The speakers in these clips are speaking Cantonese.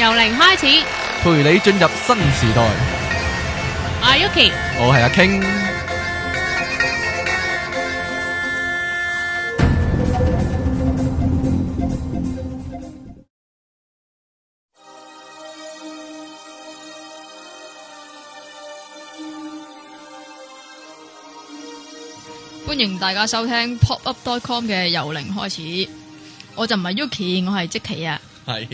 由零開始，陪你進入新時代。我係 Yuki，我係阿 King。歡迎大家收聽 PopUp.com 嘅由零開始。我就唔係 Yuki，我係積奇啊。係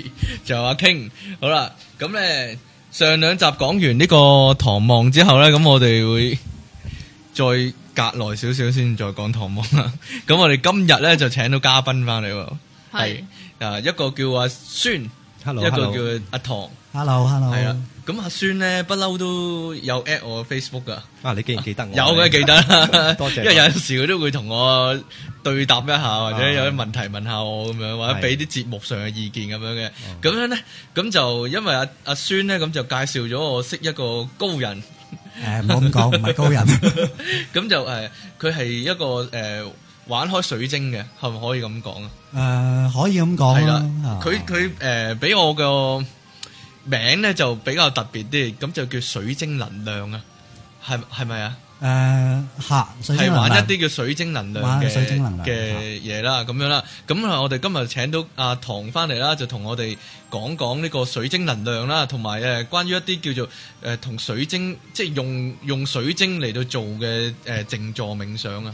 就阿 King，好啦，咁咧上兩集講完呢個唐望之後咧，咁我哋會再隔耐少少先再講唐望啦。咁我哋今日咧就請到嘉賓翻嚟，係啊一個叫阿孫，Hello，一個叫阿唐，Hello Hello。係啊。咁阿孫咧不嬲都有 at 我 Facebook 噶，啊你記唔記得我？有嘅記得，多謝。因為有陣時佢都會同我對答一下，或者有啲問題問下我咁樣，或者俾啲節目上嘅意見咁樣嘅。咁樣咧，咁就因為阿阿孫咧，咁就介紹咗我識一個高人，誒唔好咁講，唔係高人。咁就誒佢係一個誒玩開水晶嘅，係咪可以咁講啊？誒可以咁講係啦，佢佢誒俾我個名咧就比較特別啲，咁就叫水晶能量啊，係係咪啊？誒，係係、呃、玩一啲叫水晶能量嘅水晶能嘅嘢啦，咁樣啦。咁啊，我哋今日請到阿唐翻嚟啦，就同我哋講講呢個水晶能量啦，同埋誒關於一啲叫做誒同、呃、水晶，即係用用水晶嚟到做嘅誒靜坐冥想啊。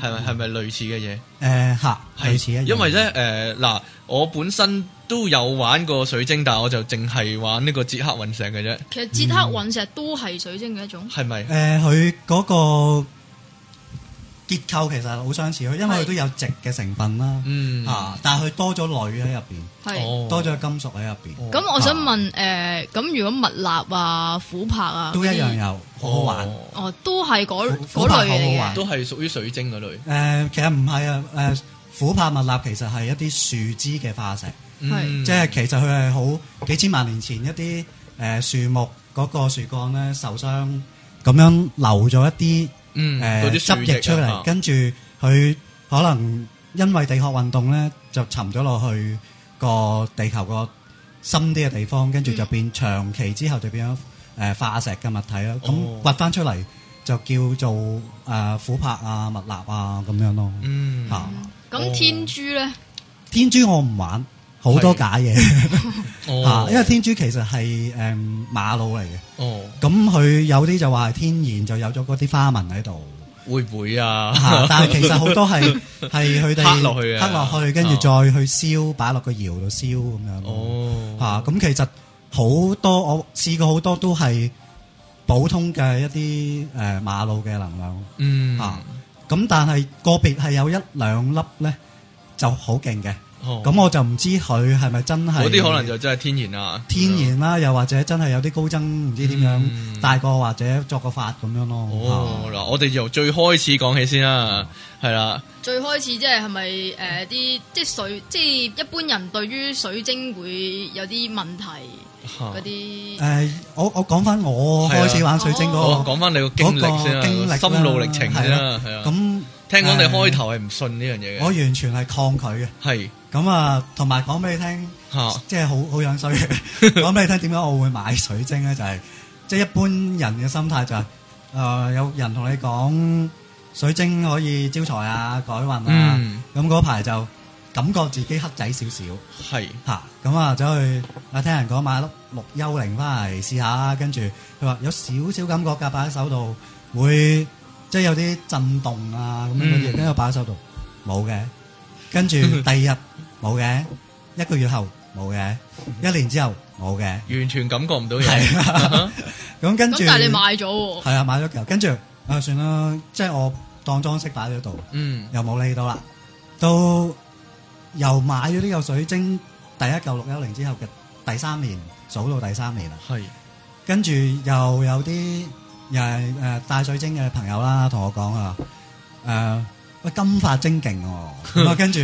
係咪，係咪類似嘅嘢？誒嚇、呃啊，類似嘅，因為咧誒嗱，我本身都有玩過水晶，但係我就淨係玩呢個捷克隕石嘅啫。其實捷克隕石都係水晶嘅一種，係咪，嗯？誒，佢嗰，呃那個。結構其實好相似，因為佢都有矽嘅成分啦。嚇，但係佢多咗鋁喺入邊，多咗金屬喺入邊。咁我想問誒，咁如果蜜蠟啊、琥珀啊，都一樣有好好玩？哦，都係嗰嗰類嚟嘅，都係屬於水晶嗰類。誒，其實唔係啊。誒，琥珀蜜蠟其實係一啲樹脂嘅化石，係即係其實佢係好幾千萬年前一啲誒樹木嗰個樹幹咧受傷，咁樣留咗一啲。嗯，誒，汁液出嚟，跟住佢可能因為地殼運動咧，就沉咗落去個地球個深啲嘅地方，跟住就變、嗯、長期之後就變咗誒化石嘅物體啦。咁掘翻出嚟就叫做誒琥珀啊、蜜蠟啊咁樣咯。嗯，吓，咁天珠咧？天珠我唔玩。好多假嘢哦，因為天珠其實係誒瑪瑙嚟嘅，咁佢有啲就話係天然，就有咗嗰啲花紋喺度，會唔會啊？但係其實好多係係佢哋刻落去、刻落去，跟住再去燒，擺落個窯度燒咁樣。嚇，咁其實好多我試過好多都係普通嘅一啲誒瑪瑙嘅能量。嗯，嚇，咁但係個別係有一兩粒咧就好勁嘅。咁我就唔知佢係咪真係嗰啲可能就真係天然啊，天然啦，又或者真係有啲高僧唔知點樣大個或者作個法咁樣咯。哦，嗱，我哋由最開始講起先啦，係啦，最開始即係係咪誒啲即水即一般人對於水晶會有啲問題嗰啲誒，我我講翻我開始玩水晶咯，講翻你個經歷歷心路歷程先啦，係啊。聽講你開頭係唔信呢樣嘢，我完全係抗拒嘅。係咁是啊，同埋講俾你聽，啊、即係好好樣衰。講俾 你聽點解我會買水晶咧？就係即係一般人嘅心態就係、是，誒、呃、有人同你講水晶可以招財啊、改運啊。咁嗰排就感覺自己黑仔少少。係吓咁啊，走去、啊、我聽人講買粒綠幽靈翻嚟試下，跟住佢話有少少感覺噶，擺喺手度會。即係有啲震動啊咁樣，跟住擺喺手度，冇嘅。跟住第二日冇嘅，一個月後冇嘅，一年之後冇嘅，完全感覺唔到嘢。咁跟住，但係你買咗，係啊，買咗嚿。跟住啊，算啦，即係我當裝飾擺喺度，嗯，又冇理到啦。到又買咗呢個水晶第一嚿六一零之後嘅第三年，數到第三年啦。係，跟住又有啲。又係誒帶水晶嘅朋友啦，同我講啊，誒喂，金髮晶勁喎，咁啊跟住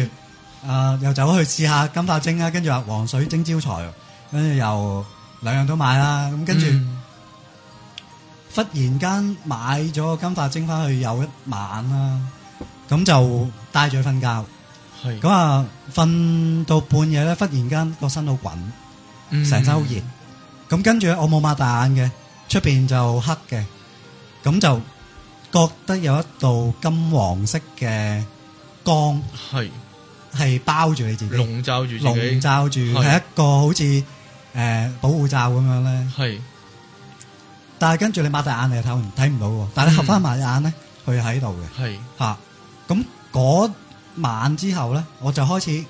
誒又走去試下金髮晶啦，跟住話黃水晶招財，跟住又兩樣都買啦，咁跟住忽然間買咗金髮晶翻去，有一晚啦，咁就戴住瞓覺，係咁啊，瞓到半夜咧，忽然間個身好滾，成身好熱，咁跟住我冇擘大眼嘅，出邊就黑嘅。咁就覺得有一道金黃色嘅光，係係包住你自己，籠罩住自己，籠罩住係一個好似誒保護罩咁樣咧。係，但係跟住你擘大眼你又睇，睇唔到嘅。但係你合翻埋隻眼咧，佢喺度嘅。係嚇，咁嗰晚之後咧，我就開始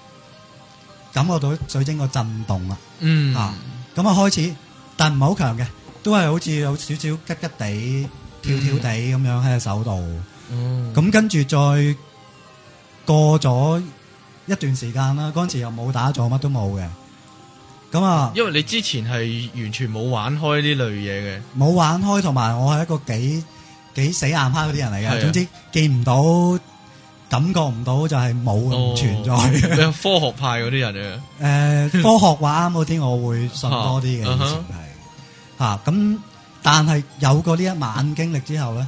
感覺到水晶個震動啦。嗯嚇，咁啊開始，但唔係好強嘅，都係好似有少少吉吉地。跳跳地咁樣喺手度，咁跟住再過咗一段時間啦，嗰陣時又冇打坐，乜都冇嘅。咁啊，因為你之前係完全冇玩開呢類嘢嘅，冇玩開，同埋我係一個幾幾死硬派嗰啲人嚟嘅，總之見唔到，感覺唔到就係冇存在嘅。科學派嗰啲人嘅，誒，科學話啱嗰啲我會信多啲嘅，以前係吓咁。但係有過呢一晚經歷之後咧，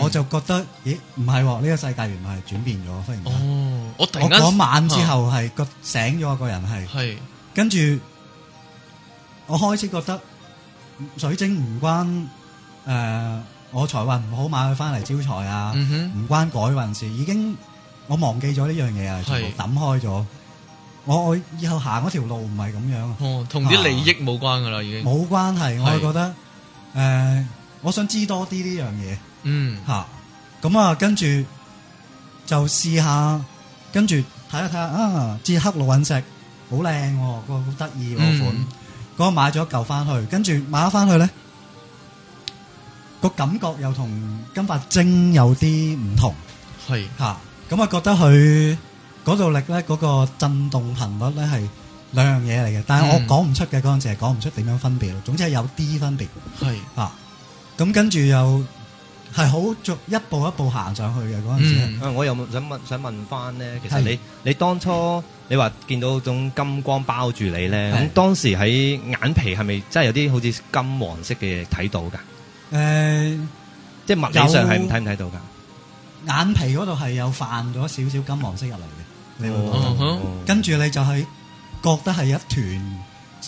我就覺得，咦，唔係喎，呢個世界原來係轉變咗忽然間。哦，我我嗰晚之後係覺醒咗個人係，係跟住我開始覺得水晶唔關誒我財運唔好買佢翻嚟招財啊，唔關改運事，已經我忘記咗呢樣嘢啊，全部抌開咗。我我以後行嗰條路唔係咁樣啊，哦，同啲利益冇關噶啦，已經冇關係，我係覺得。誒、呃，我想知多啲呢樣嘢，嗯，吓，咁啊，跟住就試下，跟住睇下睇下啊，捷克綠隕石好靚喎，哦那個好得意個款，嗰、嗯、個買咗一嚿翻去，跟住買咗翻去咧，那個感覺又同金髮晶有啲唔同，係吓是，咁啊、那個、覺得佢嗰度力咧，嗰、那個震動頻率咧係。兩樣嘢嚟嘅，但係我講唔出嘅，嗰陣時係講唔出點樣分別咯。總之係有啲分別。係啊，咁跟住又係好逐一步一步行上去嘅嗰陣時。嗯，我又想問，想問翻咧，其實你你當初你話見到種金光包住你咧，咁當時喺眼皮係咪真係有啲好似金黃色嘅嘢睇到噶？誒，即係物理上係睇唔睇到噶？眼皮嗰度係有泛咗少少金黃色入嚟嘅。哦，跟住你就係。覺得係一團，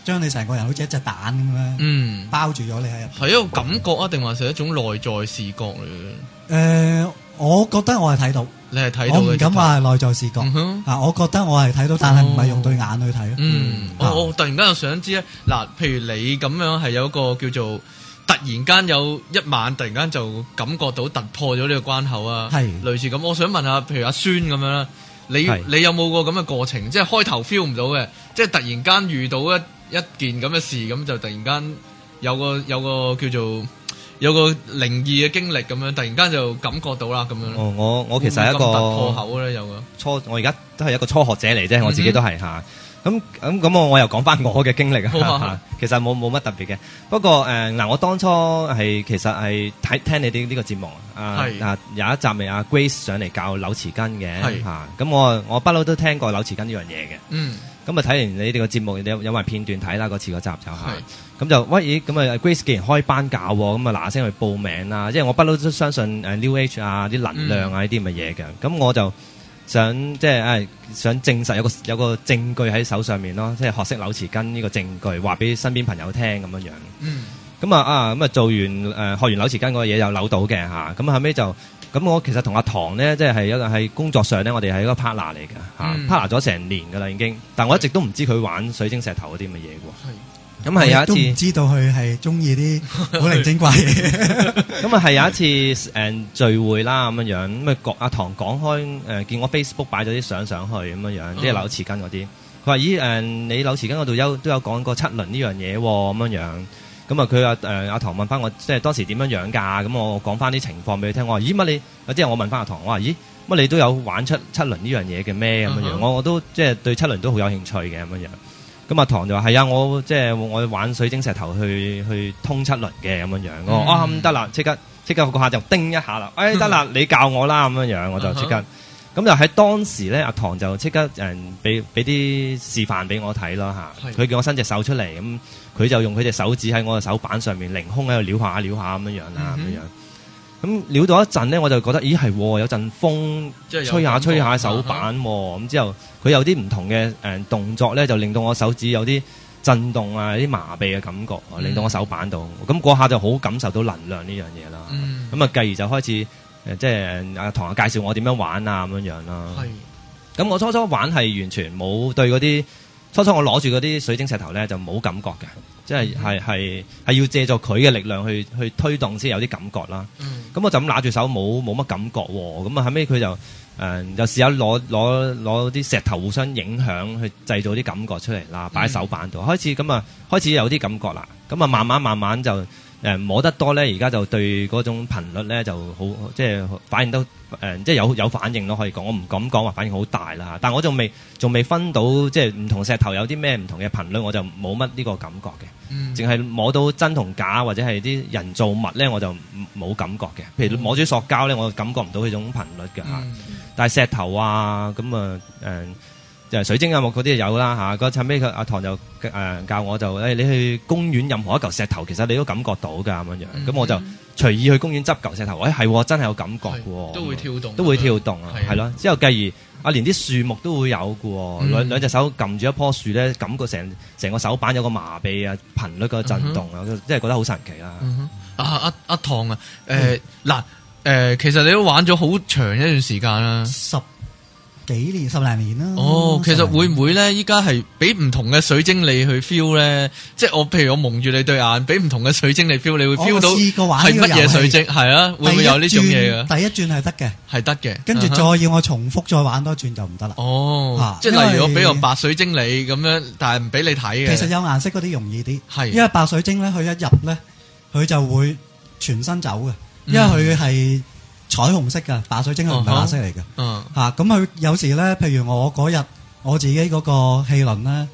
將你成個人好似一隻蛋咁樣，嗯，包住咗你喺入邊，係一,一個感覺啊？定還是一種內在視覺嚟嘅？誒、呃，我覺得我係睇到，你係睇到，我唔敢話係內在視覺，嗯、哼啊，我覺得我係睇到，但係唔係用對眼去睇。嗯，我突然間又想知咧，嗱，譬如你咁樣係有一個叫做突然間有一晚，突然間就感覺到突破咗呢個關口啊，係是類似咁。我想問下，譬如阿孫咁樣啦。你你有冇個咁嘅過程？即係開頭 feel 唔到嘅，即係突然間遇到一一件咁嘅事，咁就突然間有個有個叫做有個靈異嘅經歷咁樣，突然間就感覺到啦咁樣咯、哦。我我其實係一個會會突破口咧，有個初，我而家都係一個初學者嚟啫，mm hmm. 我自己都係嚇。啊咁咁咁我我又講翻我嘅經歷啊，其實冇冇乜特別嘅。不過誒嗱、嗯嗯，我當初係其實係睇聽，聽你哋呢個節目啊，啊，啊有一集咪阿、啊、Grace 上嚟教扭匙羹嘅嚇。咁、啊啊、我我不嬲都聽過扭匙羹呢樣嘢嘅。嗯。咁、嗯、啊睇完你哋個節目有埋片段睇啦，嗰次嗰集就係。咁就喂咦，咁啊 Grace 既然開班教，咁啊嗱聲去報名啦。即、啊、為我不嬲都相信誒、啊、New Age 啊啲能量啊呢啲咁嘅嘢嘅。咁、嗯啊啊、我就。想即係誒、哎，想證實有個有個證據喺手上面咯，即係學識扭匙羹呢個證據，話俾身邊朋友聽咁樣樣、嗯嗯啊。嗯。咁啊、呃、啊，咁啊做完誒學完扭匙羹嗰個嘢又扭到嘅嚇，咁後尾就咁我其實同阿唐咧，即係係有係工作上咧，我哋係一個 part、啊嗯、partner 嚟嘅嚇，partner 咗成年嘅啦已經，但我一直都唔知佢玩水晶石頭嗰啲咁嘅嘢嘅喎。啊咁係有一次，知道佢係中意啲古靈精怪嘅。咁啊，係有一次誒聚會啦，咁樣樣咁啊，阿唐講開誒、呃，見我 Facebook 擺咗啲相上去，咁樣即係啲扭匙羹嗰啲。佢話、嗯：咦誒，你扭匙羹嗰度都有講過七輪呢樣嘢喎，咁樣樣。咁啊，佢阿誒阿唐問翻我，即係當時點樣樣㗎？咁、嗯、我講翻啲情況俾佢聽。我話：咦乜你？有啲我問翻阿、啊、唐，我話：咦乜你都有玩出七輪呢樣嘢嘅咩？咁樣樣，我、嗯、我都即係對七輪都好有興趣嘅咁樣樣。咁阿唐就話：係啊，我即係、就是、我玩水晶石頭去去通七輪嘅咁樣樣。嗯嗯我啊，得啦，即刻即刻個客就叮一下啦。哎，得啦，你教我啦咁樣樣，我就即刻。咁就喺當時咧，阿唐就即刻人俾俾啲示範俾我睇咯吓，佢、啊、叫我伸隻手出嚟，咁、啊、佢就用佢隻手指喺我個手板上面凌空喺度撩下撩下咁樣樣啊咁樣咁撩、嗯、到一陣咧，我就覺得，咦係有陣風有吹下吹下手板、啊，咁之、啊、後佢有啲唔同嘅誒動作咧，就令到我手指有啲震動啊，有啲麻痹嘅感覺，嗯、令到我手板度。咁嗰下就好感受到能量呢樣嘢啦。咁啊、嗯，嗯嗯、繼而就開始誒、呃，即係同人介紹我點樣玩啊，咁樣樣啦。係是。咁我初初玩係完全冇對嗰啲，初初我攞住嗰啲水晶石頭咧就冇感覺嘅。即係係係係要借助佢嘅力量去去推動先有啲感覺啦。咁、嗯嗯、我就咁拿住手冇冇乜感覺喎、啊。咁、嗯、啊後尾佢就誒、嗯、就試下攞攞攞啲石頭互相影響去製造啲感覺出嚟啦，擺喺手板度開始咁啊、嗯開,嗯、開始有啲感覺啦。咁、嗯、啊慢慢慢慢就。誒摸得多咧，而家就對嗰種頻率咧就好，即係反應都誒，即係有有反應咯，可以講。我唔敢講話反應好大啦嚇，但我仲未仲未分到即係唔同石頭有啲咩唔同嘅頻率，我就冇乜呢個感覺嘅。嗯，淨係摸到真同假或者係啲人造物咧，我就冇感覺嘅。譬如摸住塑膠咧，我感覺唔到佢種頻率嘅嚇。嗯，但係石頭啊，咁啊誒。嗯就水晶音樂嗰啲有啦嚇，嗰陣尾阿唐就誒教我就誒、哎，你去公園任何一嚿石頭，其實你都感覺到㗎咁樣，咁、嗯、哼我就隨意去公園執嚿石頭，喂、哎、係、哦、真係有感覺嘅，都會跳動，都會跳動啊，係咯、啊。之後繼而，啊連啲樹木都會有嘅，兩、嗯、哼兩隻手撳住一棵樹咧，感覺成成個手板有個麻痹啊，頻率嘅震動、嗯、哼啊，即係覺得好神奇啦。啊啊阿唐啊，誒嗱誒，其實你都玩咗好長一段時間啦，十幾年十零年啦。哦，其實會唔會咧？依家係俾唔同嘅水晶你去 feel 咧，即係我譬如我蒙住你對眼，俾唔同嘅水晶你 feel，你會 feel 到係乜嘢水晶？係啊，會唔會有呢種嘢噶？第一轉係得嘅，係得嘅。跟住再要我重複再玩多轉就唔得啦。哦，即係例如我俾個白水晶你咁樣，但係唔俾你睇嘅。其實有顏色嗰啲容易啲，係，因為白水晶咧，佢一入咧，佢就會全身走嘅，因為佢係。彩虹色嘅白水晶係唔係白色嚟嘅？嚇咁佢有時咧，譬如我嗰日我自己嗰個氣輪咧，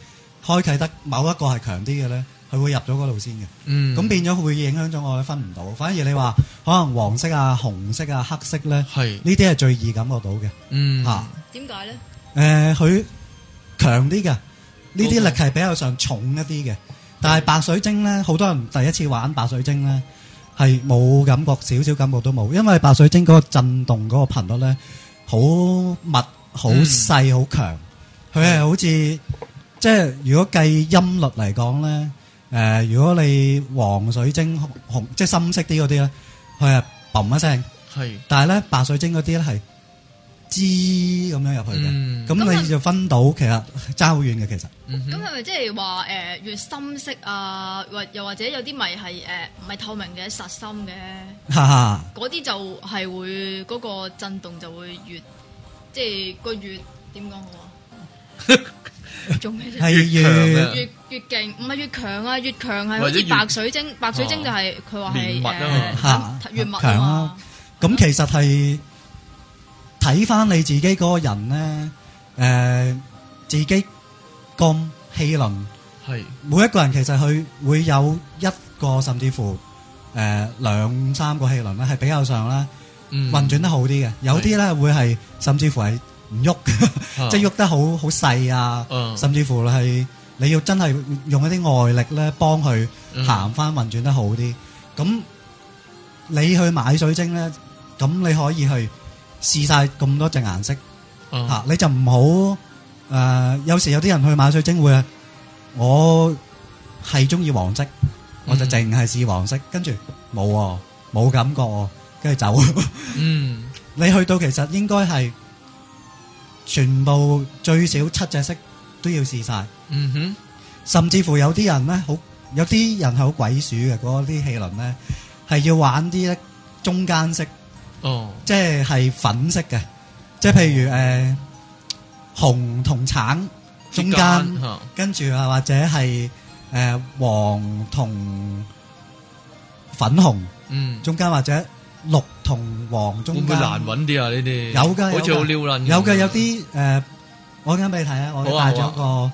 開啟得某一個係強啲嘅咧，佢會入咗嗰度先嘅，咁、mm hmm. 變咗會影響咗我分唔到。反而你話可能黃色啊、紅色啊、黑色咧，呢啲係最易感覺到嘅，嚇點解咧？誒，佢強啲嘅，呢啲力係比較上重一啲嘅，但係白水晶咧，好多人第一次玩白水晶咧。係冇感覺，少少感覺都冇，因為白水晶嗰個震動嗰個頻率咧，好密、細嗯、好細、好強，佢係好似即係如果計音律嚟講咧，誒、呃，如果你黃水晶紅即係深色啲嗰啲咧，佢係嘣一聲，係是，但係咧白水晶嗰啲咧係。支咁樣入去嘅，咁你就分到，其實差好遠嘅，其實。咁係咪即係話誒越深色啊，或又或者有啲咪係誒唔係透明嘅實心嘅，嗰啲就係會嗰個震動就會越即係個越點講好啊？仲咩？越強越越勁，唔係越強啊！越強係好似白水晶，白水晶就係佢話係誒越密啊嘛。咁其實係。睇翻你自己嗰個人咧，誒自己個氣輪，每一個人其實佢會有一個甚至乎誒兩三個氣輪咧，係比較上咧運轉得好啲嘅。有啲咧會係甚至乎係唔喐，即係喐得好好細啊，甚至乎係你要真係用一啲外力咧幫佢行翻運轉得好啲。咁你去買水晶咧，咁你可以去。試晒咁多隻顏色，吓、oh. 啊、你就唔好誒！有時有啲人去買水晶會啊，我係中意黃色，我就淨係試黃色，跟住冇喎，冇、hmm. 哦、感覺、哦，跟住走。嗯、mm，hmm. 你去到其實應該係全部最少七隻色都要試晒。嗯哼、mm，hmm. 甚至乎有啲人咧，好有啲人係好鬼鼠嘅，嗰啲氣輪咧係要玩啲咧中間色。哦、oh.，即係粉色嘅，即係譬如誒、呃，紅同橙中間，中間啊、跟住啊或者係誒、呃、黃同粉紅，嗯，中間或者綠同黃中間，會唔會難搵啲啊？呢啲有噶、呃啊，好似好撩人，有嘅有啲誒，我啱啱畀你睇下，我戴咗個。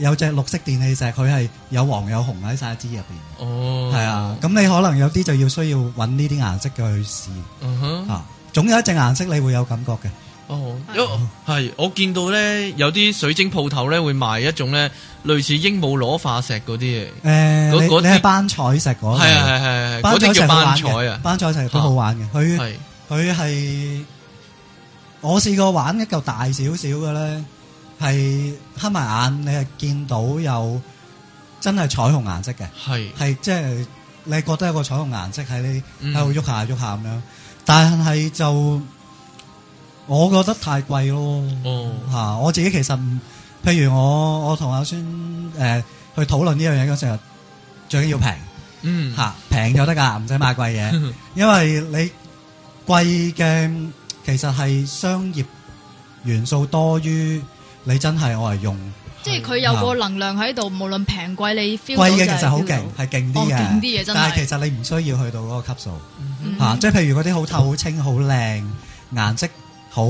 有隻綠色電氣石，佢係有黃有紅喺晒一支入邊。哦，係啊，咁你可能有啲就要需要揾呢啲顏色嘅去試嚇，總有一隻顏色你會有感覺嘅。哦，因係我見到咧，有啲水晶鋪頭咧會賣一種咧，類似鸚鵡螺化石嗰啲嘅。誒，你你班彩石嗰？係係係係。斑彩石好玩啊！斑彩石幾好玩嘅，佢佢係我試過玩一嚿大少少嘅咧。係黑埋眼，你係見到有真係彩虹顏色嘅，係係即係你覺得有個彩虹顏色喺你喺度喐下喐下咁樣，但係就我覺得太貴咯，吓、哦啊、我自己其實，譬如我我同阿孫誒去討論呢樣嘢嘅時候，最緊要平，吓平、嗯啊、就得噶，唔使買貴嘢，因為你貴嘅其實係商業元素多於。你真係我係用，即係佢有個能量喺度，的無論平貴你 feel 到就係，貴嘅其實好勁，係勁啲嘅。哦、真但係其實你唔需要去到嗰個級數，吓、嗯哼啊，即係譬如嗰啲好透、好清、好靚、顏色好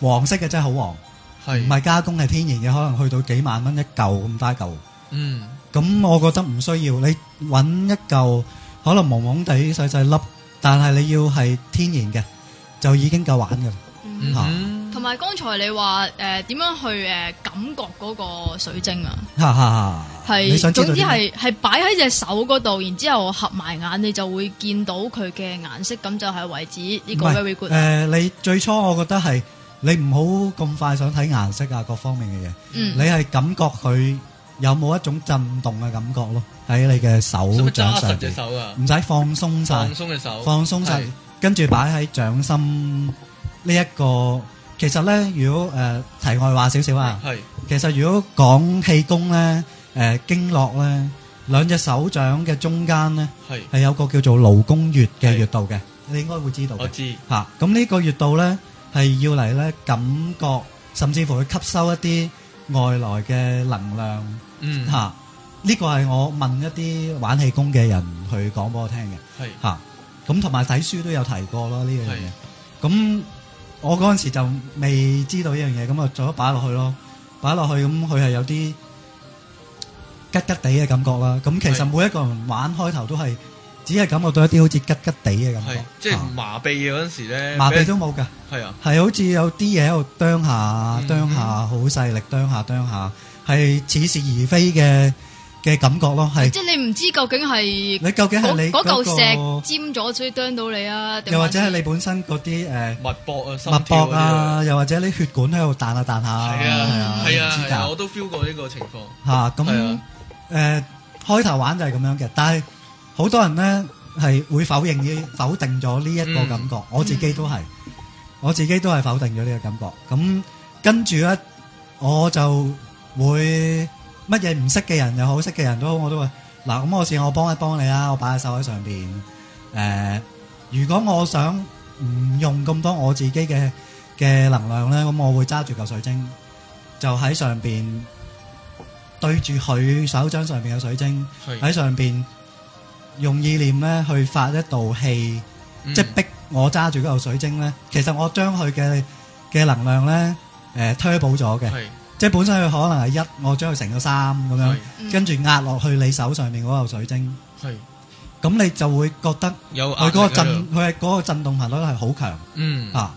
黃色嘅，真係好黃，係唔係加工係天然嘅，可能去到幾萬蚊一嚿咁大嚿。嗯，咁我覺得唔需要，你揾一嚿可能蒙蒙地細細粒，但係你要係天然嘅，就已經夠玩嘅。嗯。啊同埋，剛才你話誒點樣去誒感覺嗰個水晶啊？係總之係係擺喺隻手嗰度，然之後合埋眼，你就會見到佢嘅顏色，咁就係為止呢個 very good 啦。誒，你最初我覺得係你唔好咁快想睇顏色啊，各方面嘅嘢。嗯。你係感覺佢有冇一種震動嘅感覺咯？喺你嘅手掌上邊。唔使放鬆曬。放鬆隻手。放鬆曬，跟住擺喺掌心呢一個。其實咧，如果誒題外話少少啊，係，其實如果講氣功咧，誒經絡咧，兩隻手掌嘅中間咧，係有個叫做勞宮穴嘅穴道嘅，你應該會知道嘅。我知嚇，咁呢個穴道咧係要嚟咧感覺，甚至乎去吸收一啲外來嘅能量。嗯嚇，呢個係我問一啲玩氣功嘅人去講俾我聽嘅。係嚇，咁同埋睇書都有提過咯，呢樣嘢。係咁。我嗰陣時就未知道呢樣嘢，咁啊，仲一擺落去咯，擺落去咁，佢係有啲吉吉地嘅感覺啦。咁其實每一個人玩開頭都係，只係感覺到一啲好似吉吉地嘅感覺，即係、就是、麻痹嗰陣時咧，麻痹都冇㗎。係啊，係好似有啲嘢喺度掕下掕下，好勢力掕下掕下，係似是而非嘅。嘅感覺咯，係即係你唔知究竟係你究竟係你嗰嚿石尖咗，所以啄到你啊！定又或者係你本身嗰啲誒脈搏啊、心跳啊，又或者你血管喺度彈下彈下，係啊係啊係啊！我都 feel 過呢個情況嚇咁，誒，開頭玩就係咁樣嘅，但係好多人咧係會否認呢否定咗呢一個感覺，我自己都係我自己都係否定咗呢個感覺。咁跟住咧，我就會。乜嘢唔識嘅人又好，識嘅人都好，我都話嗱，咁我試我幫一幫你啦，我擺喺手喺上邊。誒，如果我想唔用咁多我自己嘅嘅能量咧，咁我會揸住嚿水晶，就喺上邊對住佢手掌上邊嘅水晶，喺上邊用意念咧去發一道氣，即係逼我揸住嗰嚿水晶咧。其實我將佢嘅嘅能量咧，誒，推補咗嘅。即係本身佢可能係一，我將佢乘咗三咁樣，是跟住壓落去你手上面嗰個水晶，係咁是你就會覺得震，有佢個震，佢係嗰個震動頻率係好強，嗯啊，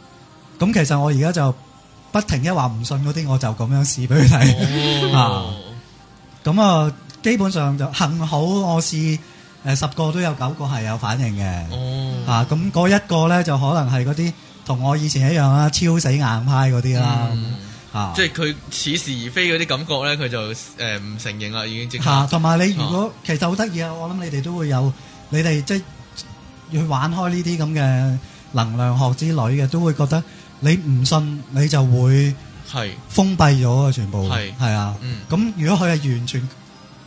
咁其實我而家就不停一話唔信嗰啲，我就咁樣試俾佢睇啊，咁啊，基本上就幸好我試誒十個都有九個係有反應嘅，哦、啊咁嗰、那個、一個咧就可能係嗰啲同我以前一樣啦，超死硬派嗰啲啦。嗯即係佢似是而非嗰啲感覺咧，佢就誒唔承認啦，已經即係吓，同埋你如果其實好得意啊，我諗你哋都會有，你哋即係去玩開呢啲咁嘅能量學之類嘅，都會覺得你唔信，你就會係封閉咗啊，全部係係啊，咁如果佢係完全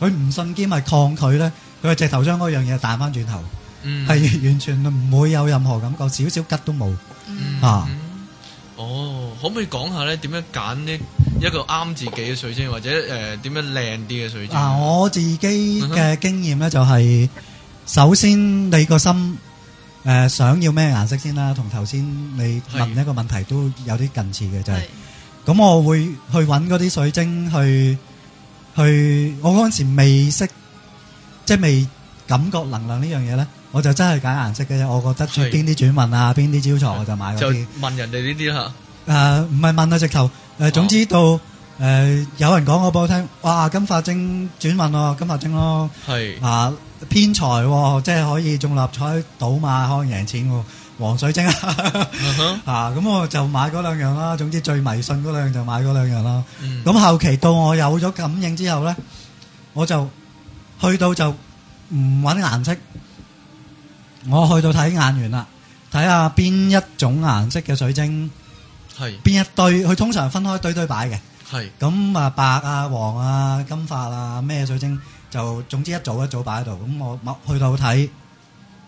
佢唔信兼係抗拒咧，佢係直頭將嗰樣嘢彈翻轉頭，嗯，係完全唔會有任何感覺，少少吉都冇啊，哦。可唔可以講下咧？點樣揀呢一個啱自己嘅水晶，或者誒、呃、點樣靚啲嘅水晶？啊，我自己嘅經驗咧就係、是，嗯、哼首先你個心誒、呃、想要咩顏色先啦、啊。同頭先你問一個問題都有啲近似嘅就係、是，咁是我會去揾嗰啲水晶去去，我嗰陣時未識即係未感覺能量呢樣嘢咧，我就真係揀顏色嘅啫。我覺得邊啲轉運啊，邊啲招財我就買嗰啲。就問人哋呢啲吓。誒，唔係問啊，直頭誒，總之到誒，有人講我俾我聽，哇，金髮晶轉運哦，金髮晶咯，係啊偏財，即係可以中六合彩、賭馬可能贏錢嘅黃水晶啊，啊咁我就買嗰兩樣啦。總之最迷信嗰兩樣就買嗰兩樣啦。咁後期到我有咗感應之後咧，我就去到就唔揾顏色，我去到睇眼緣啦，睇下邊一種顏色嘅水晶。係邊一堆？佢通常分開堆堆擺嘅。係咁啊，白啊、黃啊、金髮啊，咩水晶就總之一早一早擺喺度。咁我去到睇，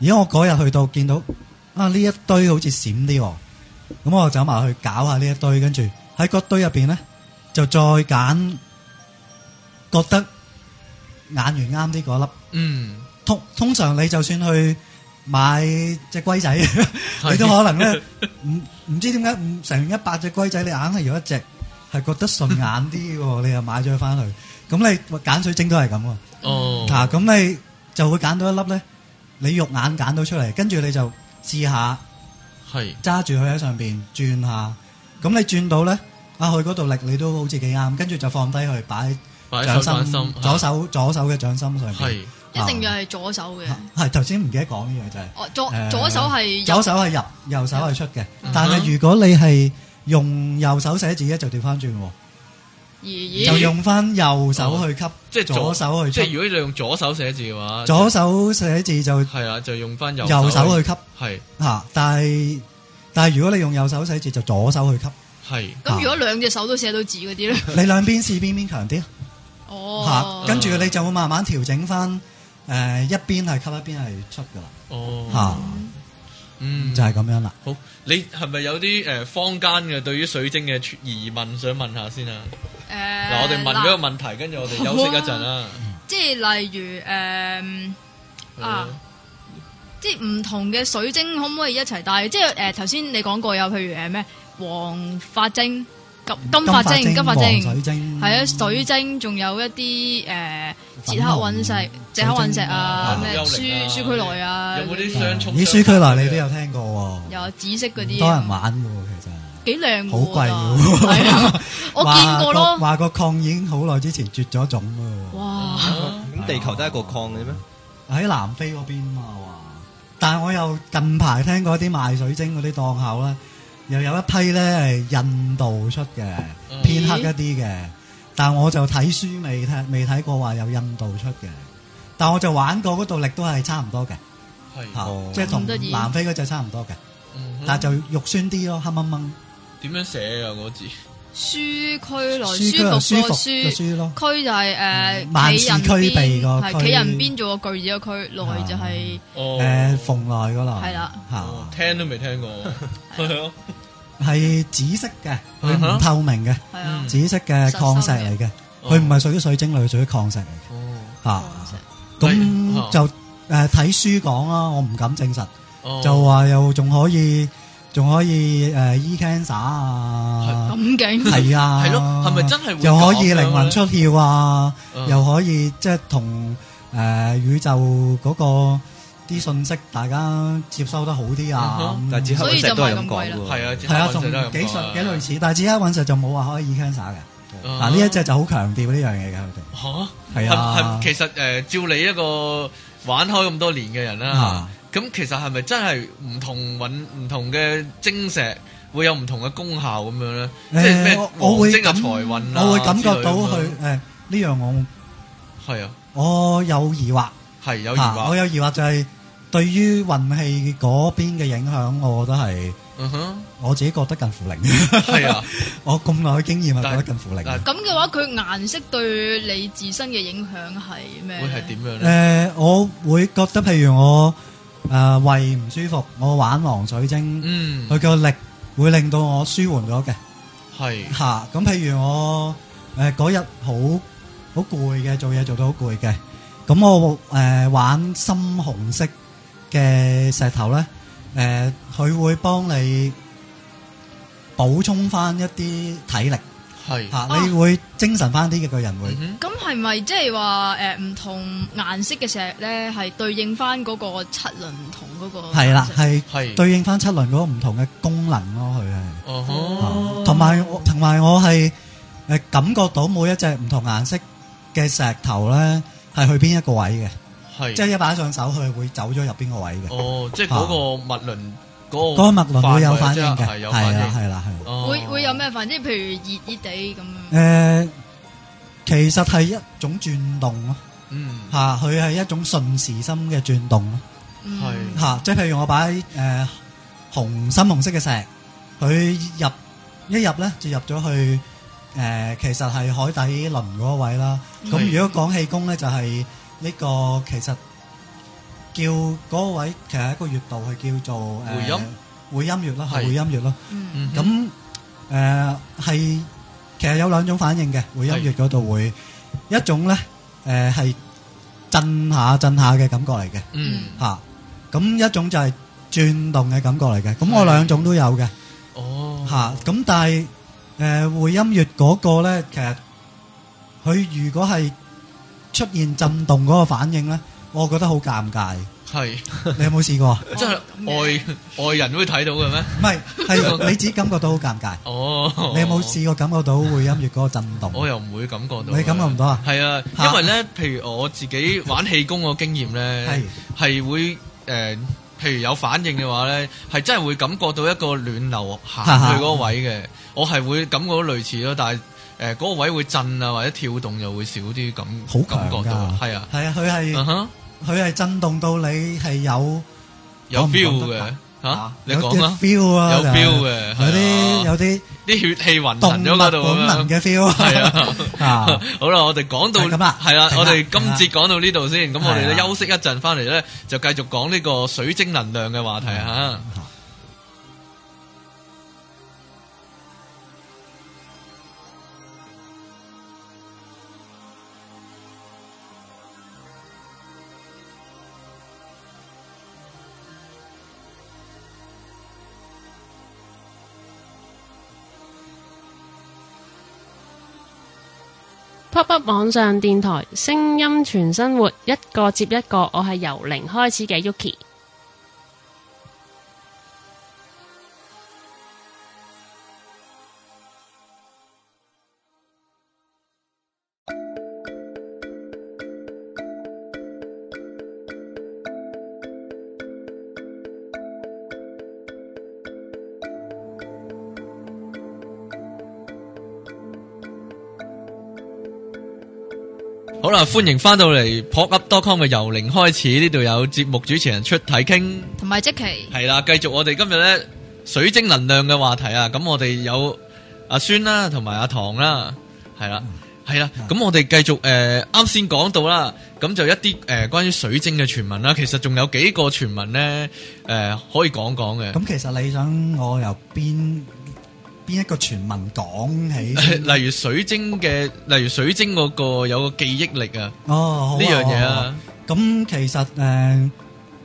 而家我嗰日去到見到啊呢一堆好似閃啲喎，咁我走埋去搞下呢一堆，跟住喺個堆入邊咧就再揀，覺得眼緣啱啲嗰粒。嗯，通通常你就算去買隻龜仔，你都可能咧，唔知點解成一百隻龜仔，你硬係有一隻係覺得順眼啲喎，你又買咗翻去。咁你揀水晶都係咁喎。哦，嗱，咁你就會揀到一粒咧。你肉眼揀到出嚟，跟住你就試下，係揸住佢喺上邊轉下。咁你轉到咧，啊，佢嗰度力你都好似幾啱，跟住就放低佢，擺掌心，左手左手嘅掌心上面。一定又係左手嘅。係頭先唔記得講呢樣就係左，左手係左手係入，右手係出嘅。但係如果你係用右手寫字咧，就調翻轉，就用翻右手去吸，即係左手去。即係如果你用左手寫字嘅話，左手寫字就係啊，就用翻右右手去吸，係吓。但係但係如果你用右手寫字就左手去吸，係。咁如果兩隻手都寫到字嗰啲咧，你兩邊試邊邊強啲哦。吓，跟住你就會慢慢調整翻。誒、呃，一邊係吸一邊係出噶啦，吓、哦，啊、嗯，就係咁樣啦。好，你係咪有啲誒坊間嘅對於水晶嘅疑問想問下先啊？誒、呃，嗱，我哋問咗個問題，跟住我哋休息一陣啦。呃嗯、即係例如誒、呃嗯、啊，即係唔同嘅水晶可唔可以一齊戴？即係誒，頭、呃、先你講過有，譬如誒咩、呃、黃髮晶。金金髮晶、金髮晶，係啊，水晶，仲有一啲誒，捷克隕石、捷克隕石啊，咩，舒舒俱徠啊，有冇啲雙重？咦，舒俱徠你都有聽過？有紫色嗰啲。多人玩嘅其實。幾靚好貴嘅。我見過咯。話個礦已經好耐之前絕咗種咯。哇！咁地球都係一個礦嘅咩？喺南非嗰邊嘛，但係我又近排聽過一啲賣水晶嗰啲檔口咧。又有一批咧係印度出嘅。嗯、偏黑一啲嘅。咦但我就睇書未睇未睇過話有印度出嘅。但我就玩過嗰度力都係差唔多嘅，係即係同南非嗰隻差唔多嘅，嗯、哼但就肉酸啲咯，黑掹掹。點樣寫啊？嗰字。書區來舒服個書區就係誒企人邊，係企人邊做個句子個區內就係誒縫內個咯係啦。吓，聽都未聽過。係咯，係紫色嘅，佢唔透明嘅紫色嘅礦石嚟嘅，佢唔係屬於水晶類，屬於礦石嚟。哦，吓，咁就誒睇書講啦，我唔敢證實，就話又仲可以。仲可以誒，E cancer 啊，咁勁，係啊，係咯，係咪真係又可以靈魂出竅啊？又可以即係同誒宇宙嗰個啲信息，大家接收得好啲啊？但係隻黑雲石都係咁貴啦，係啊，但係仲幾順幾類似，但係隻黑雲石就冇話可以 E cancer 嘅，嗱呢一隻就好強調呢樣嘢嘅佢哋嚇，係啊，係其實誒，照你一個玩開咁多年嘅人啦。咁其實係咪真係唔同運唔同嘅晶石會有唔同嘅功效咁樣咧？即係咩增加財運啊？我會感覺到佢誒呢樣我係啊，我有疑惑，係有疑惑，我有疑惑就係對於運氣嗰邊嘅影響，我覺得係，我自己覺得近乎零。係啊，我咁耐嘅經驗係覺得近乎零。咁嘅話，佢顏色對你自身嘅影響係咩？會係點樣咧？誒，我會覺得譬如我。誒、呃，胃唔舒服，我玩黃水晶，佢個、嗯、力會令到我舒緩咗嘅。係是，吓咁、啊，譬如我誒嗰日好好攰嘅，做嘢做到好攰嘅，咁我誒、呃、玩深紅色嘅石頭咧，誒、呃、佢會幫你補充翻一啲體力。係吓，是啊、你會精神翻啲嘅個人會。咁係咪即係話誒，唔、呃、同顏色嘅石咧，係對應翻嗰個七輪唔同嗰個？係啦，係係是對應翻七輪嗰個唔同嘅功能咯，佢係。哦、uh，同、huh. 埋、啊、我同埋我係誒，感覺到每一隻唔同顏色嘅石頭咧，係去邊一個位嘅。係是，即係一擺上手，佢會走咗入邊個位嘅。Uh huh. 啊、哦，即係嗰個物輪。嗰嗰個脈輪會有反應嘅，係啊，係啦係。會會有咩反應？譬如熱熱地咁。誒、呃，其實係一種轉動咯。嗯。吓、啊，佢係一種順時針嘅轉動咯。係、嗯。吓、嗯啊，即係譬如我擺誒、呃、紅深紅色嘅石，佢入一入咧，就入咗去誒、呃，其實係海底輪嗰位啦。咁、嗯、如果講氣功咧，就係、是、呢、這個其實。叫嗰個位，其實一個月度係叫做誒，回音回音月啦，係回音月啦。咁誒係，其實有兩種反應嘅。回音月嗰度會一種咧，誒係震下震下嘅感覺嚟嘅，吓咁一種就係轉動嘅感覺嚟嘅。咁我兩種都有嘅，吓咁但係誒回音月嗰個咧，其實佢如果係出現震動嗰個反應咧，我覺得好尷尬，係你有冇試過？即係外外人都會睇到嘅咩？唔係係你自己感覺到好尷尬。哦，你有冇試過感覺到會音樂嗰個震動？我又唔會感覺到，你感覺唔到啊？係啊，因為咧，譬如我自己玩氣功個經驗咧，係係會誒，譬如有反應嘅話咧，係真係會感覺到一個暖流行去嗰個位嘅。我係會感覺到類似咯，但係誒嗰個位會震啊，或者跳動又會少啲咁。好強噶，係啊，係啊，佢係。佢係震動到你係有有 feel 嘅吓，你講啦啊，有 feel 嘅，有啲有啲啲血氣運動咗喺度咁啊，嘅 feel 係啊，好啦，我哋講到係啦，我哋今節講到呢度先，咁我哋休息一陣，翻嚟咧就繼續講呢個水晶能量嘅話題吓。啪啪網上電台，聲音全生活，一個接一個，我係由零開始嘅 Yuki。咁歡迎翻到嚟 pop up.com 嘅由零開始，呢度有節目主持人出體傾，同埋即琪，係啦，繼續我哋今日咧水晶能量嘅話題啊！咁我哋有阿孫啦，同埋阿唐啦，係啦，係啦、嗯，咁的我哋繼續誒，啱先講到啦，咁就一啲誒、呃、關於水晶嘅傳聞啦，其實仲有幾個傳聞咧，誒、呃、可以講講嘅。咁其實你想我由邊？邊一個傳聞講起例？例如水晶嘅，那個，例如水晶嗰個有個記憶力，哦、啊。啊哦，呢樣嘢啊。咁其實誒、呃，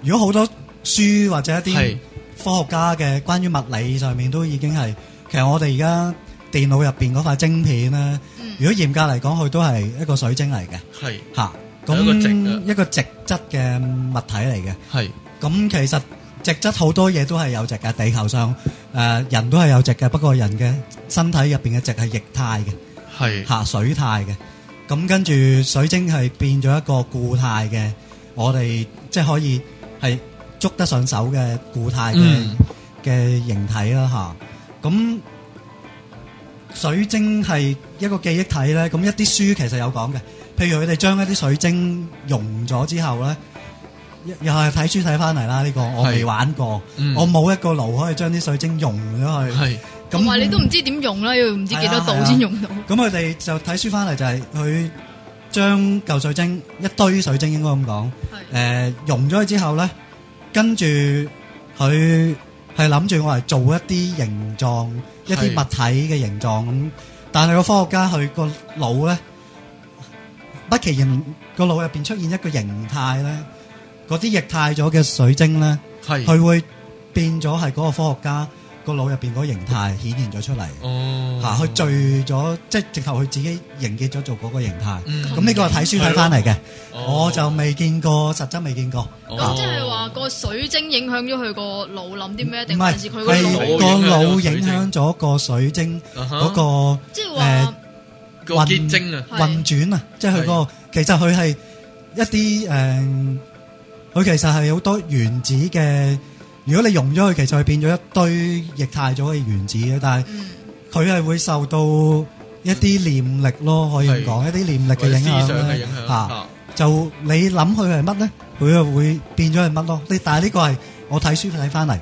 如果好多書或者一啲科學家嘅關於物理上面都已經係，是其實我哋而家電腦入邊嗰塊晶片咧，嗯、如果嚴格嚟講，佢都係一個水晶嚟嘅。係是。吓、啊，咁一個直一個直質嘅物體嚟嘅。係是。咁其實。物質好多嘢都係有值嘅，地球上誒、呃、人都係有值嘅，不過人嘅身體入邊嘅值係液態嘅，係吓是水態嘅，咁跟住水晶係變咗一個固態嘅，我哋即係可以係捉得上手嘅固態嘅嘅形體啦吓，咁水晶係一個記憶體咧，咁一啲書其實有講嘅，譬如佢哋將一啲水晶溶咗之後咧。又係睇書睇翻嚟啦，呢、這個我未玩過，嗯、我冇一個爐可以將啲水晶溶咗去。咁話是那你都唔知點溶啦，要唔知幾多度先溶、啊啊、到。咁佢哋就睇書翻嚟就係佢將嚿水晶一堆水晶應該咁講，誒是、呃、溶咗去之後咧，跟住佢係諗住我嚟做一啲形狀，一啲物體嘅形狀。是但係個科學家佢個腦咧，不其然個腦入邊出現一個形態咧。嗰啲液態咗嘅水晶咧，係佢會變咗係嗰個科學家個腦入邊嗰個形態顯現咗出嚟，嚇佢醉咗，即係直頭佢自己凝結咗做嗰個形態。咁呢個係睇書睇翻嚟嘅，我就未見過實質未見過。咁即係話個水晶影響咗佢個腦諗啲咩？定還是佢個腦影響咗個水晶嗰個？即係話結晶啊，運轉啊，即係佢個其實佢係一啲誒。佢其實係好多原子嘅，如果你溶咗佢，其實係變咗一堆液態咗嘅原子嘅，但係佢係會受到一啲念力咯，可以講是一啲念力嘅影響啦，思想嘅影響。嚇！啊嗯、就你諗佢係乜咧？佢又會變咗係乜咯？你但係呢個係我睇書睇翻嚟。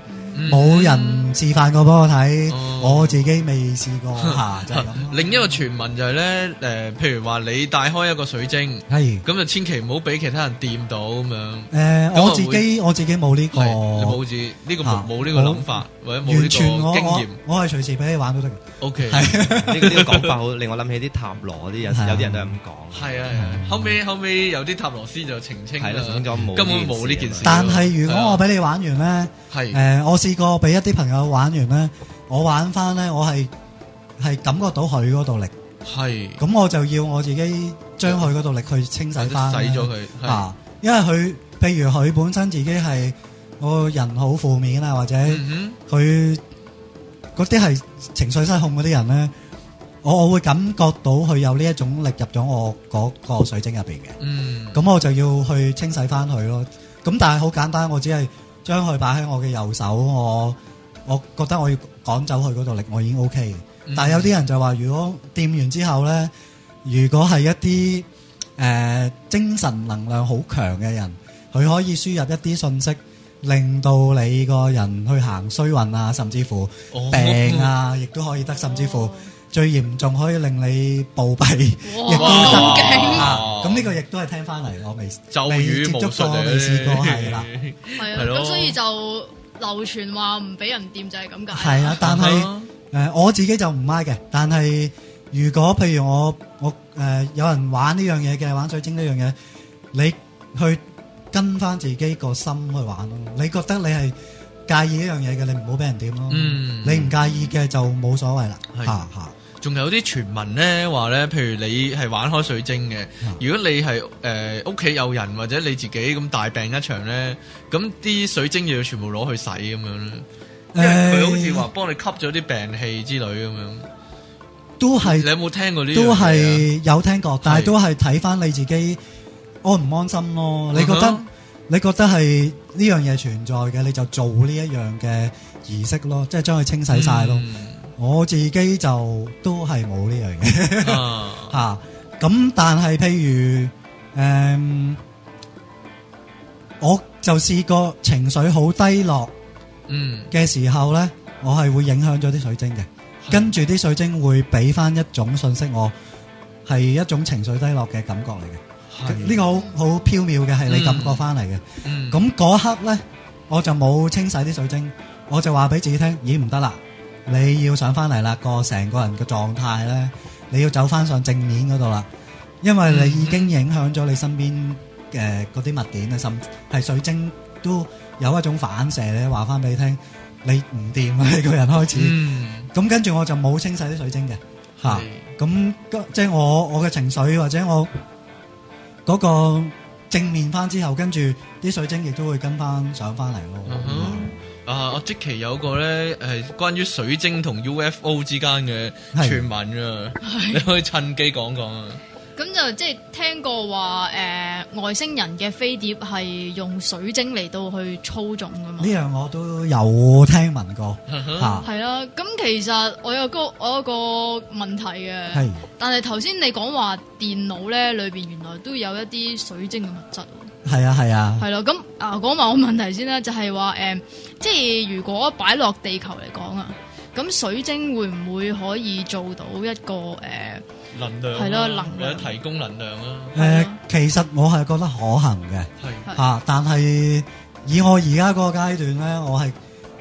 冇人示範過俾我睇，我自己未試過吓，就係咁。另一個傳聞就係咧，誒，譬如話你帶開一個水晶，係咁就千祈唔好俾其他人掂到咁樣。誒，我自己我自己冇呢個，冇住呢個冇呢個諗法，或者冇呢個經驗。我係隨時俾你玩都得。O K，呢個呢個講法好令我諗起啲塔羅啲人，有啲人都係咁講。係啊，後尾後尾有啲塔羅師就澄清咗，根本冇呢件事。但係如果我俾你玩完咧，係誒，我。呢個俾一啲朋友玩完咧，我玩翻咧，我係係感覺到佢嗰度力，係咁是我就要我自己將佢嗰度力去清洗翻，洗咗佢啊！因為佢譬如佢本身自己係我個人好負面啊，或者佢嗰啲係情緒失控嗰啲人咧，我我會感覺到佢有呢一種力入咗我嗰、那個水晶入邊嘅，咁、嗯、我就要去清洗翻佢咯。咁但係好簡單，我只係。將佢擺喺我嘅右手，我我覺得我要趕走佢嗰度力，我已經 OK 嘅、嗯、但係有啲人就話，如果掂完之後呢，如果係一啲誒、呃、精神能量好強嘅人，佢可以輸入一啲信息，令到你個人去行衰運啊，甚至乎病啊，亦、哦、都可以得，甚至乎、哦。最嚴重可以令你暴斃，亦都心驚啊！咁呢個亦都係聽翻嚟，我未未接觸過，未試過係啦，係啊。咁所以就流傳話唔俾人掂就係咁㗎。係啊，但係誒我自己就唔買嘅。但係如果譬如我我誒有人玩呢樣嘢嘅，玩水晶呢樣嘢，你去跟翻自己個心去玩咯。你覺得你係介意呢樣嘢嘅，你唔好俾人掂咯。嗯，你唔介意嘅就冇所謂啦。係係。仲有啲傳聞咧，話咧，譬如你係玩開水晶嘅，嗯、如果你係誒屋企有人或者你自己咁大病一場咧，咁啲水晶又要全部攞去洗咁樣咧，佢、欸、好似話幫你吸咗啲病氣之類咁樣，都係是。你有冇聽過呢、啊？都係有聽過，但係都係睇翻你自己安唔是安心咯。你覺得、uh huh. 你覺得係呢樣嘢存在嘅，你就做呢一樣嘅儀式咯，即係將佢清洗晒咯、嗯。我自己就都係冇呢樣嘢吓、啊 啊，咁但係譬如誒、嗯，我就試過情緒好低落，嗯，嘅時候咧，嗯、我係會影響咗啲水晶嘅，跟住啲水晶會俾翻一種信息我，係一種情緒低落嘅感覺嚟嘅，呢是的 個好好飄渺嘅係你感覺翻嚟嘅，咁嗰、嗯、刻咧，我就冇清洗啲水晶，我就話俾自己聽，咦唔得啦。你要上翻嚟啦，個成個人嘅狀態咧，你要走翻上正面嗰度啦，因為你已經影響咗你身邊嘅嗰啲物件啊，甚至係水晶都有一種反射咧。話翻俾你聽，你唔掂啊，你個人開始。咁 跟住我就冇清洗啲水晶嘅嚇，咁是、啊、即係我我嘅情緒或者我嗰個正面翻之後，跟住啲水晶亦都會跟翻上翻嚟咯。嗯啊！我即其有個咧，誒，關於水晶同 UFO 之間嘅傳聞啊，是你可以趁機講講啊。咁就即係聽過話，誒、呃，外星人嘅飛碟係用水晶嚟到去操縱噶嘛？呢樣我都有聽聞過，吓、 啊。係啦，咁其實我有個我有個問題嘅，是但係頭先你講話電腦咧裏邊原來都有一啲水晶嘅物質。係啊係啊，係咯咁啊，講埋個問題先啦，就係話誒，即係如果擺落地球嚟講啊，咁水晶會唔會可以做到一個誒，能量係咯，能量提供能量啦。誒，其實我係覺得可行嘅，係啊，但係以我而家個階段咧，我係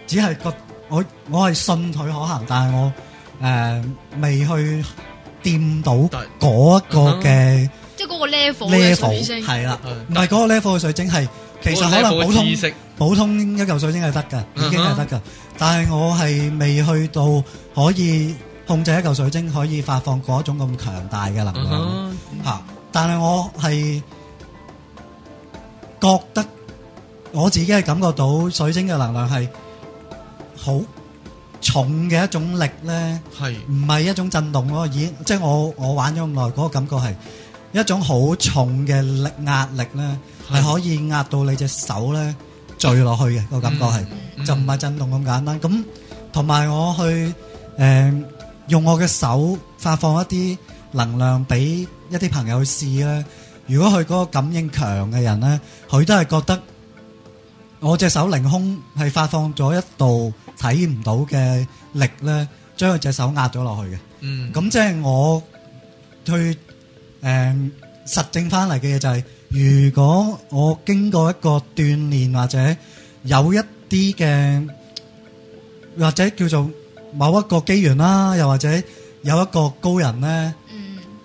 只係覺我我係信佢可行，但係我誒未去掂到嗰一個嘅。即係嗰個 level 嘅水晶，係啦，唔係嗰個 level 嘅水晶係，其實可能普通式，普通一嚿水晶係得㗎，已經係得㗎。但係我係未去到可以控制一嚿水晶，可以發放嗰一種咁強大嘅能量吓。但係我係覺得我自己係感覺到水晶嘅能量係好重嘅一種力咧，唔係一種震動咯。已，即係我我玩咗咁耐，嗰個感覺係。一種好重嘅力壓力咧，係可以壓到你隻手咧，墜落去嘅個感覺係，就唔係震動咁簡單。咁同埋我去誒用我嘅手發放一啲能量俾一啲朋友去試咧，如果佢嗰個感應強嘅人咧，佢都係覺得我隻手凌空係發放咗一道睇唔到嘅力咧，將佢隻手壓咗落去嘅。咁即係我去。誒，um, 實證翻嚟嘅嘢就係、是，如果我經過一個鍛煉或者有一啲嘅，或者叫做某一個機緣啦，又或者有一個高人呢，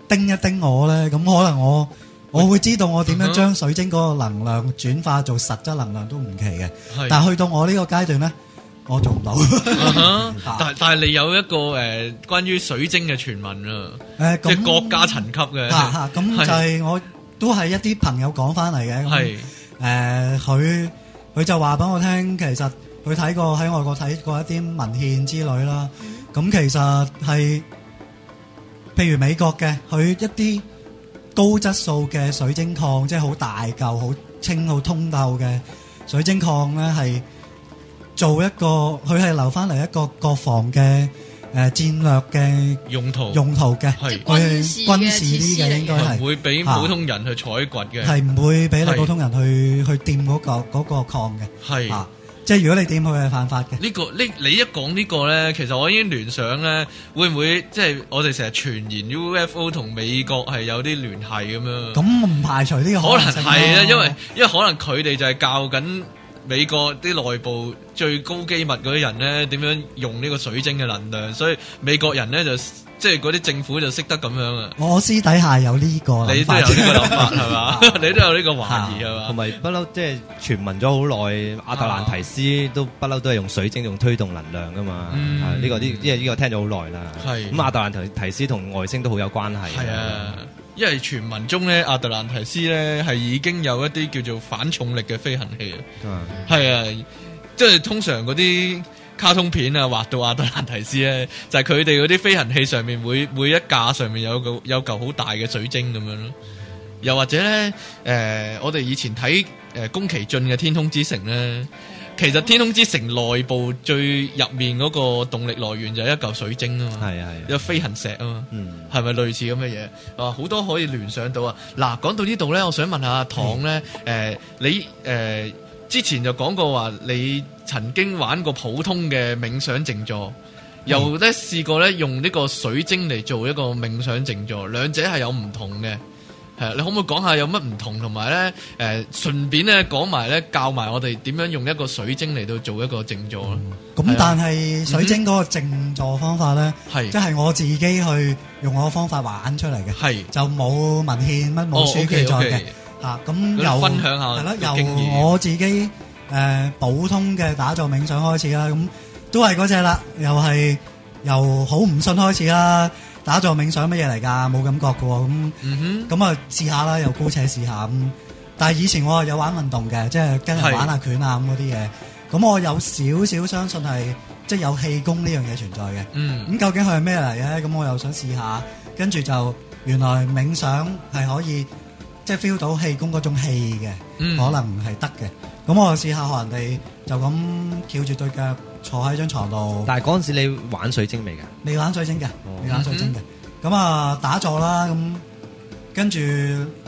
叮一叮我呢，咁可能我我會知道我點樣將水晶嗰個能量轉化做實質能量都唔奇嘅，的但去到我呢個階段呢。我做唔到，但但係你有一個誒，關於水晶嘅傳聞啊，即國家層級嘅。咁就係我都係一啲朋友講返嚟嘅。係，誒，佢佢就話俾我聽，其實佢睇過喺外國睇過一啲文獻之類啦。咁其實係譬如美國嘅佢一啲高質素嘅水晶礦，即係好大嚿、好清、好通透嘅水晶礦咧，係。做一個，佢係留翻嚟一個國防嘅誒、呃、戰略嘅用途用途嘅，即係是是軍事啲嘅，應該係會俾普通人去採掘嘅，係唔、啊、會俾普通人去是去掂嗰、那個嗰個礦嘅，係、那個、即係如果你掂佢係犯法嘅。呢、這個呢你一講呢、這個咧，其實我已經聯想咧，會唔會即係、就是、我哋成日傳言 UFO 同美國係有啲聯繫咁樣？咁唔排除呢個、啊、可能性、啊。可能係因為因為可能佢哋就係教緊。美國啲內部最高機密嗰啲人咧，點樣用呢個水晶嘅能量？所以美國人咧就即係嗰啲政府就識得咁樣啊！我私底下有呢個，你都有呢個諗法係嘛？你都、啊、吧有呢個懷疑啊嘛？同埋不嬲，即係傳聞咗好耐，亞特蘭提斯都不嬲都係用水晶用推動能量噶嘛？呢、嗯啊這個啲因為呢個聽咗好耐啦。咁亞、啊、特蘭提斯同外星都好有關係。因為傳聞中咧，阿特蘭提斯咧係已經有一啲叫做反重力嘅飛行器啊，係啊、嗯，即係、就是、通常嗰啲卡通片啊，畫到阿特蘭提斯咧，就係佢哋嗰啲飛行器上面每每一架上面有嚿有嚿好大嘅水晶咁樣咯，又或者咧，誒、呃，我哋以前睇誒宮崎駿嘅《天空之城》呢咧。其實天空之城內部最入面嗰個動力來源就係一嚿水晶啊嘛，有的飛行石啊嘛，係咪、嗯、類似咁嘅嘢？啊，好多可以聯想到啊！嗱，講到呢度咧，我想問下唐咧，誒、嗯呃、你誒、呃、之前就講過話，你曾經玩過普通嘅冥想靜坐，又咧試過咧用呢個水晶嚟做一個冥想靜坐，兩者係有唔同嘅。係，你可唔可以講下有乜唔同，同埋咧誒順便咧講埋咧教埋我哋點樣用一個水晶嚟到做一個靜坐咯？咁但係水晶嗰個靜坐方法咧，係即係我自己去用我方法玩出嚟嘅，係就冇文獻乜冇書記載嘅嚇。咁由分享下，係咯，由我自己誒普通嘅打造冥想開始啦。咁都係嗰隻啦，又係由好唔信開始啦。打坐冥想乜嘢嚟噶？冇感覺嘅喎，咁咁啊試下啦，又姑且試下咁。但係以前我有玩運動嘅，即係跟人玩下拳呀噉嗰啲嘢。咁是我有少少相信係即係有氣功呢樣嘢存在嘅。咁、嗯、究竟佢係咩嚟嘅？咁我又想試下。跟住就原來冥想係可以即係、就是、feel 到氣功嗰種氣嘅，嗯、可能唔係得嘅。咁我試下學人哋就咁翹住對腳。坐喺張床度，但係嗰陣時你玩水晶未噶？未玩水晶嘅，未玩水晶嘅。咁啊，打坐啦，咁跟住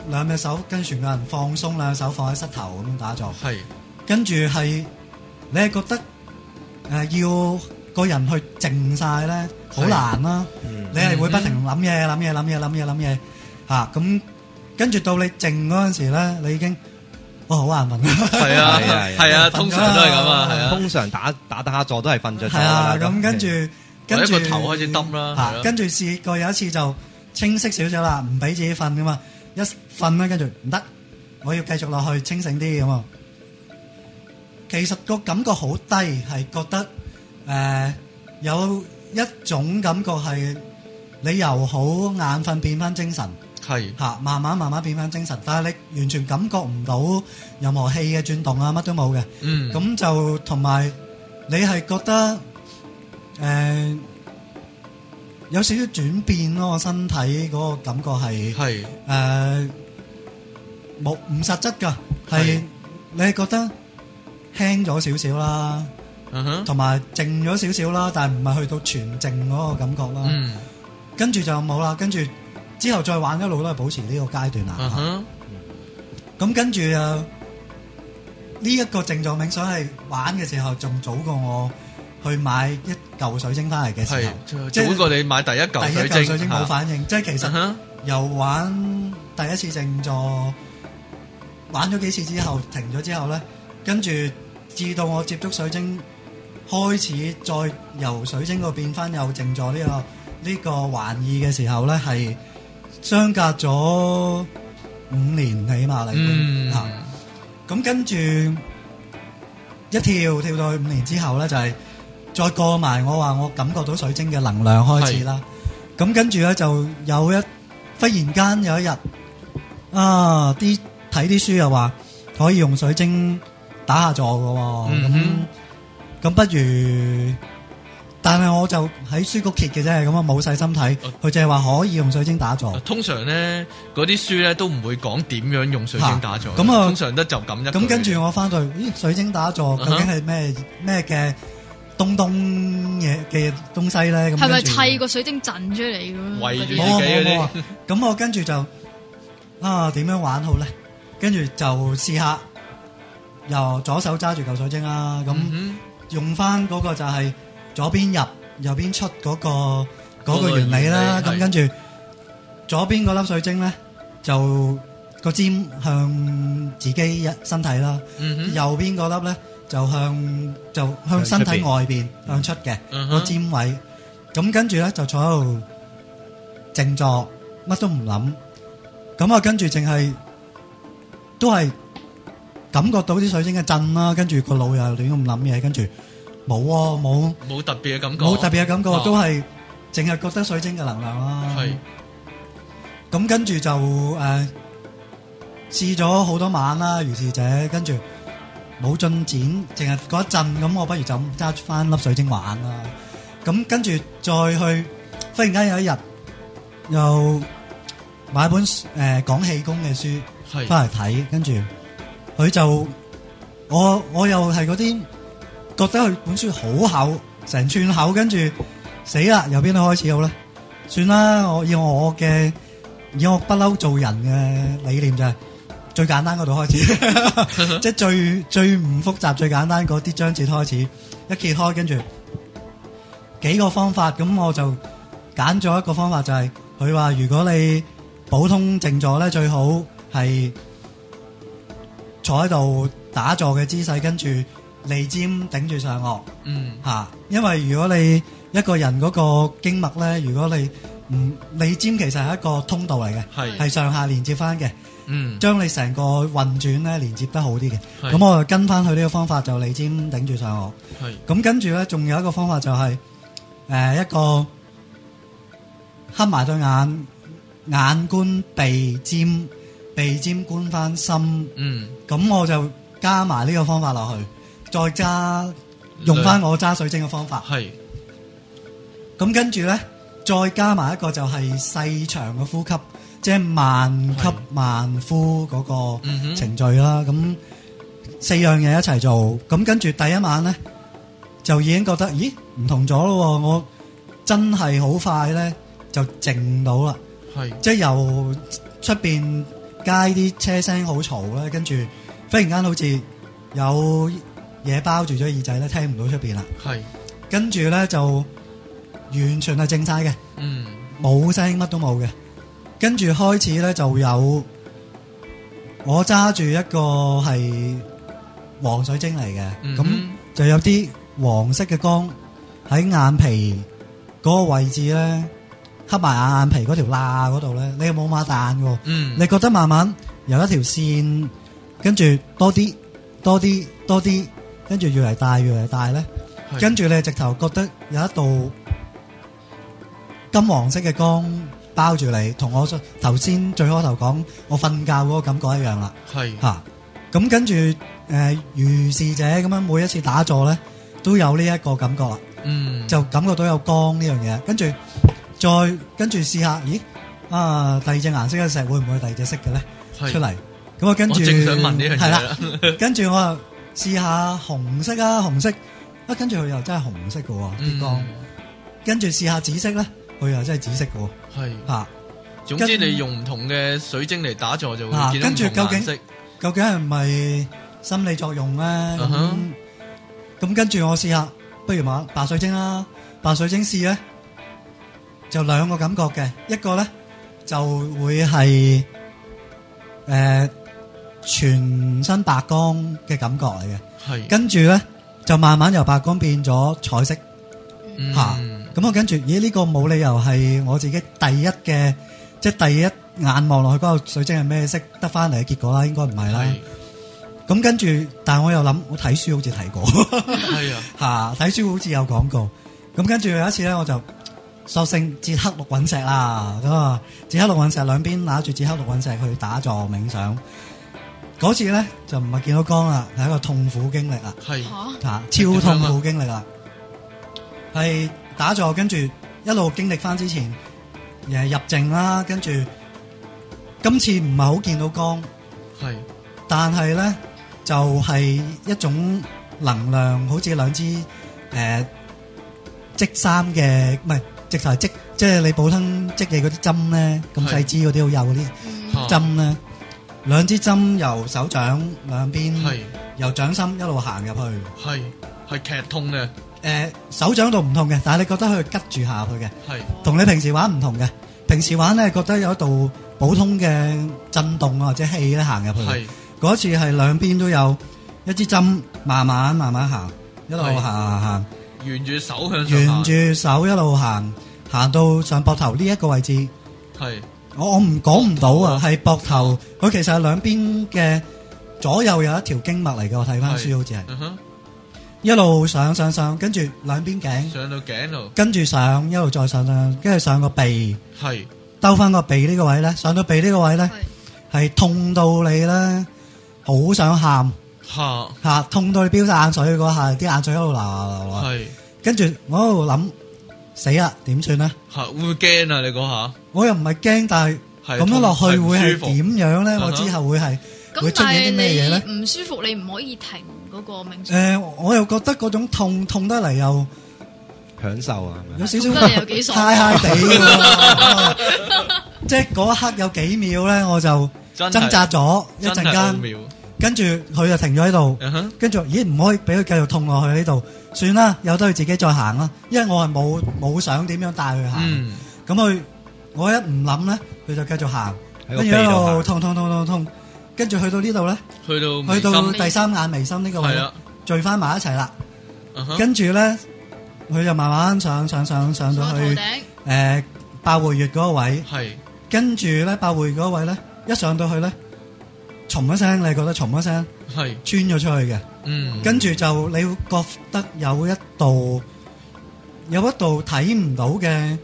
兩隻手跟住有個人放鬆啦，兩隻手放喺膝頭咁樣打坐。係，跟住係你係覺得誒要個人去靜晒咧，好難啦。你係會不停諗嘢，諗嘢，諗嘢，諗嘢，諗嘢吓。咁跟住到你靜嗰陣時咧，你已經。哇，好、哦、難瞓啊！係啊，係啊，通常都係咁啊，係啊，通常打打打下坐都係瞓着咗啊，咁跟住，okay. 跟住個頭開始耷啦。啊啊啊、跟住試過有一次就清晰少少啦，唔俾自己瞓噶嘛，一瞓咧跟住唔得，我要繼續落去清醒啲咁啊。其實個感覺好低，係覺得誒、呃、有一種感覺係你由好眼瞓變翻精神。係吓，慢慢慢慢變翻精神，但係你完全感覺唔到任何氣嘅轉動啊，乜都冇嘅。嗯，咁就同埋你係覺得誒有少少轉變咯，個身體嗰個感覺係係誒冇唔實質噶，係你係覺得輕咗少少啦，嗯哼，同埋靜咗少少啦，但係唔係去到全靜嗰個感覺啦。嗯，跟住就冇啦，跟住。之後再玩一路都係保持呢個階段、uh huh. 啊！咁跟住啊，呢一個靜坐冥想係玩嘅時候仲早過我去買一嚿水晶翻嚟嘅時候，uh huh. 即早過你買第一嚿水晶。第一嚿水晶冇反應，uh huh. 即係其實由、uh huh. 玩第一次靜坐，玩咗幾次之後停咗之後咧，跟住至到我接觸水晶開始再由水晶去變翻又靜坐呢、這個呢、這個玩、這個、意嘅時候咧，係。相隔咗五年起碼嚟，吓咁跟住一跳跳到去五年之後咧，就係再過埋我話我感覺到水晶嘅能量開始啦。咁跟住咧就有一忽然間有一日啊，啲睇啲書又話可以用水晶打下座㗎喎，咁咁不如。但係我就喺書局揭嘅啫，咁啊冇細心睇，佢淨係話可以用水晶打坐。通常咧，嗰啲書咧都唔會講點樣用水晶打坐。咁啊，啊通常都就咁樣。咁、嗯、跟住我翻去，咦，水晶打坐究竟係咩咩嘅東東嘢嘅東西咧？咁係咪砌個水晶陣出嚟咯？冇冇冇。咁我跟住就啊，點樣玩好咧？跟住就試下，由左手揸住嚿水晶啊。咁用翻嗰個就係。左邊入，右邊出嗰、那個個原理啦。咁是跟住，左邊嗰粒水晶咧，就個尖向自己一身體啦。嗯、哼右邊嗰粒咧，就向就向身體外邊、嗯、向出嘅個尖位。咁、嗯、哼跟住咧就坐喺度靜坐，乜都唔諗。咁啊，跟住淨係都係感覺到啲水晶嘅震啦。跟住個腦又亂咁諗嘢，跟住。冇啊，冇冇特別嘅感覺，冇特別嘅感覺，都係淨係覺得水晶嘅能量啦。係咁，跟住就誒試咗好多晚啦，如是者跟住冇進展，淨係嗰陣咁，我不如就揸翻粒水晶玩啦。咁跟住再去，忽然間有一日又買本誒講氣功嘅書，係翻嚟睇，跟住佢就我我又係嗰啲。覺得佢本書好厚，成寸厚，跟住死啦！由邊度開始好咧？算啦，我以我嘅以我不嬲做人嘅理念就係最簡單嗰度開始， 即係最最唔複雜、最簡單嗰啲章節開始。一揭開，跟住幾個方法，咁我就揀咗一個方法，就係佢話如果你普通靜坐咧，最好係坐喺度打坐嘅姿勢，跟住。脷尖頂住上顎，嗯，嚇，因為如果你一個人嗰個經脈咧，如果你唔脷尖其實係一個通道嚟嘅，係係是上下連接翻嘅，嗯，將你成個運轉咧連接得好啲嘅，咁是我就跟翻佢呢個方法，就脷尖頂住上顎，係是，咁跟住咧，仲有一個方法就係、是、誒、呃、一個瞌埋對眼，眼觀鼻尖，鼻尖觀翻心，嗯，咁我就加埋呢個方法落去。再加用翻我揸水晶嘅方法，係咁跟住咧，再加埋一個就係細長嘅呼吸，即係慢吸慢呼嗰個程序啦。咁的四樣嘢一齊做，咁跟住第一晚咧就已經覺得咦唔同咗咯。我真係好快咧就靜到啦，係的即係由出邊街啲車聲好嘈咧，跟住忽然間好似有。嘢包住咗耳仔咧，聽唔到出邊啦。係是，跟住咧就完全係靜晒嘅，嗯，冇聲，乜都冇嘅。跟住開始咧就有，我揸住一個係黃水晶嚟嘅，咁、嗯、哼就有啲黃色嘅光喺眼皮嗰個位置咧，黑埋眼眼皮嗰條罅嗰度咧，你又冇擘大眼喎，嗯，你覺得慢慢由一條線，跟住多啲，多啲，多啲。多跟住越嚟大越嚟大咧，跟住你直頭覺得有一道金黃色嘅光包住你，同我頭先最開頭講我瞓覺嗰個感覺一樣啦。係吓，咁跟住誒如是者咁樣每一次打坐咧，都有呢一個感覺啦。嗯，就感覺到有光呢樣嘢，跟住再跟住試下，咦啊第二隻顏色嘅石會唔會第二隻色嘅咧？出嚟咁啊跟住正想問你係啦，跟住我。試下紅色啊，紅色啊，跟住佢又真係紅色嘅喎，啲光。跟住試下紫色咧，佢又真係紫色嘅喎。係是啊，總之你用唔同嘅水晶嚟打坐，就會見到唔同顏色，啊究。究竟係唔係心理作用咧？咁跟住我試下，不如買白水晶啦，白水晶試咧，就兩個感覺嘅，一個咧就會係誒。呃全身白光嘅感覺嚟嘅，係是跟住咧就慢慢由白光變咗彩色，吓咁，嗯啊、我跟住咦呢、這個冇理由係我自己第一嘅，即、就、係、是、第一眼望落去嗰個水晶係咩色得翻嚟嘅結果啦，應該唔係啦。咁是、啊、跟住，但係我又諗，我睇書好似睇過，係 啊吓睇、啊、書好似有講過。咁、啊、跟住有一次咧，我就索性至黑綠隕石啦，咁啊捷克綠隕石兩邊拿住捷克綠隕石去打坐冥想。嗰次咧就唔係見到光啦，係一個痛苦經歷啊，吓超痛苦經歷啦，係打坐跟住一路經歷翻之前，誒入靜啦，跟住今次唔係好見到光，係是，但係咧就係、是、一種能量，好似兩支誒織衫嘅唔係直頭係織，即係你普通織嘅嗰啲針咧，咁細支嗰啲好幼嗰啲針咧。兩支針由手掌兩邊，兩邊是由掌心一路行入去，係係劇痛嘅。誒、呃，手掌度唔痛嘅，但係你覺得佢係拮住下去嘅，係同是你平時玩唔同嘅。平時玩咧，覺得有一度普通嘅震動啊，或者氣咧行入去。係嗰是次係兩邊都有一支針，慢慢慢慢行，一路行行行，是慢慢沿住手向沿住手一路行，行到上膊頭呢一個位置，係是。我我唔講唔到啊，係膊頭佢其實係兩邊嘅左右有一條經脈嚟嘅，我睇翻書好似係，一路上上上，跟住兩邊頸，上到頸度，跟住上一路再上上，跟住上個鼻，係，兜翻個鼻呢個位咧，上到鼻呢個位咧，係痛到你咧，好想喊，吓吓痛到你飆晒眼水嗰下，啲眼水一路流流，跟住我喺度諗。死啦！點算咧？嚇會驚啊！你講下，我又唔係驚，但係咁樣落去會係點樣咧？我之後會係會出現啲咩嘢咧？你唔舒服，你唔可以停嗰個名。誒，我又覺得嗰種痛痛得嚟又享受啊！有少少，太嗨地，即係嗰一刻有幾秒咧，我就掙扎咗一陣間。跟住佢就停咗喺度，跟住咦，唔可以俾佢繼續痛落去呢度，算啦，由得佢自己再行啦。因為我係冇冇想點樣帶佢行，咁佢我一唔諗咧，佢就繼續行，跟住一路痛痛痛痛痛，跟住去到呢度咧，去到去到第三眼眉心呢個位聚翻埋一齊啦，跟住咧佢就慢慢上上上上到去，誒百會穴嗰個位，跟住咧百會穴嗰個位咧一上到去咧。重一聲，你覺得重一聲，係是穿咗出去嘅，嗯，跟住就你會覺得有一道有一道睇唔到嘅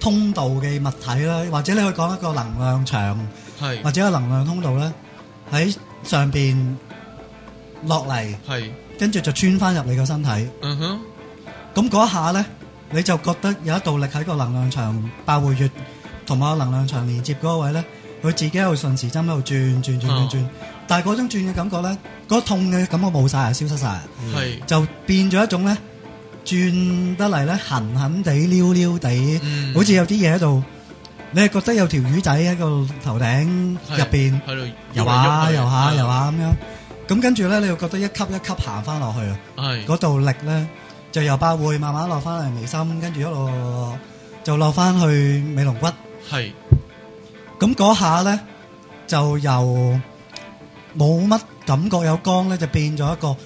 通道嘅物體啦，或者你去講一個能量場，係是或者個能量通道咧，喺上邊落嚟，係是跟住就穿翻入你個身體，嗯哼，咁嗰、嗯、一下咧，你就覺得有一道力喺個能量場包圍住，同埋個能量場連接嗰位咧。佢自己喺度順時針喺度轉轉轉轉轉，但係嗰種轉嘅感覺咧，嗰痛嘅感覺冇晒，消失晒，就變咗一種咧，轉得嚟咧，痕痕地、溜溜地，好似有啲嘢喺度。你係覺得有條魚仔喺個頭頂入邊喺度游下游下游下咁樣，咁跟住咧，你又覺得一級一級行翻落去啊，嗰度力咧就由百會慢慢落翻嚟眉心，跟住一路就落翻去尾龍骨。係。咁嗰下咧，就由冇乜感覺有光咧，就變咗一個誒、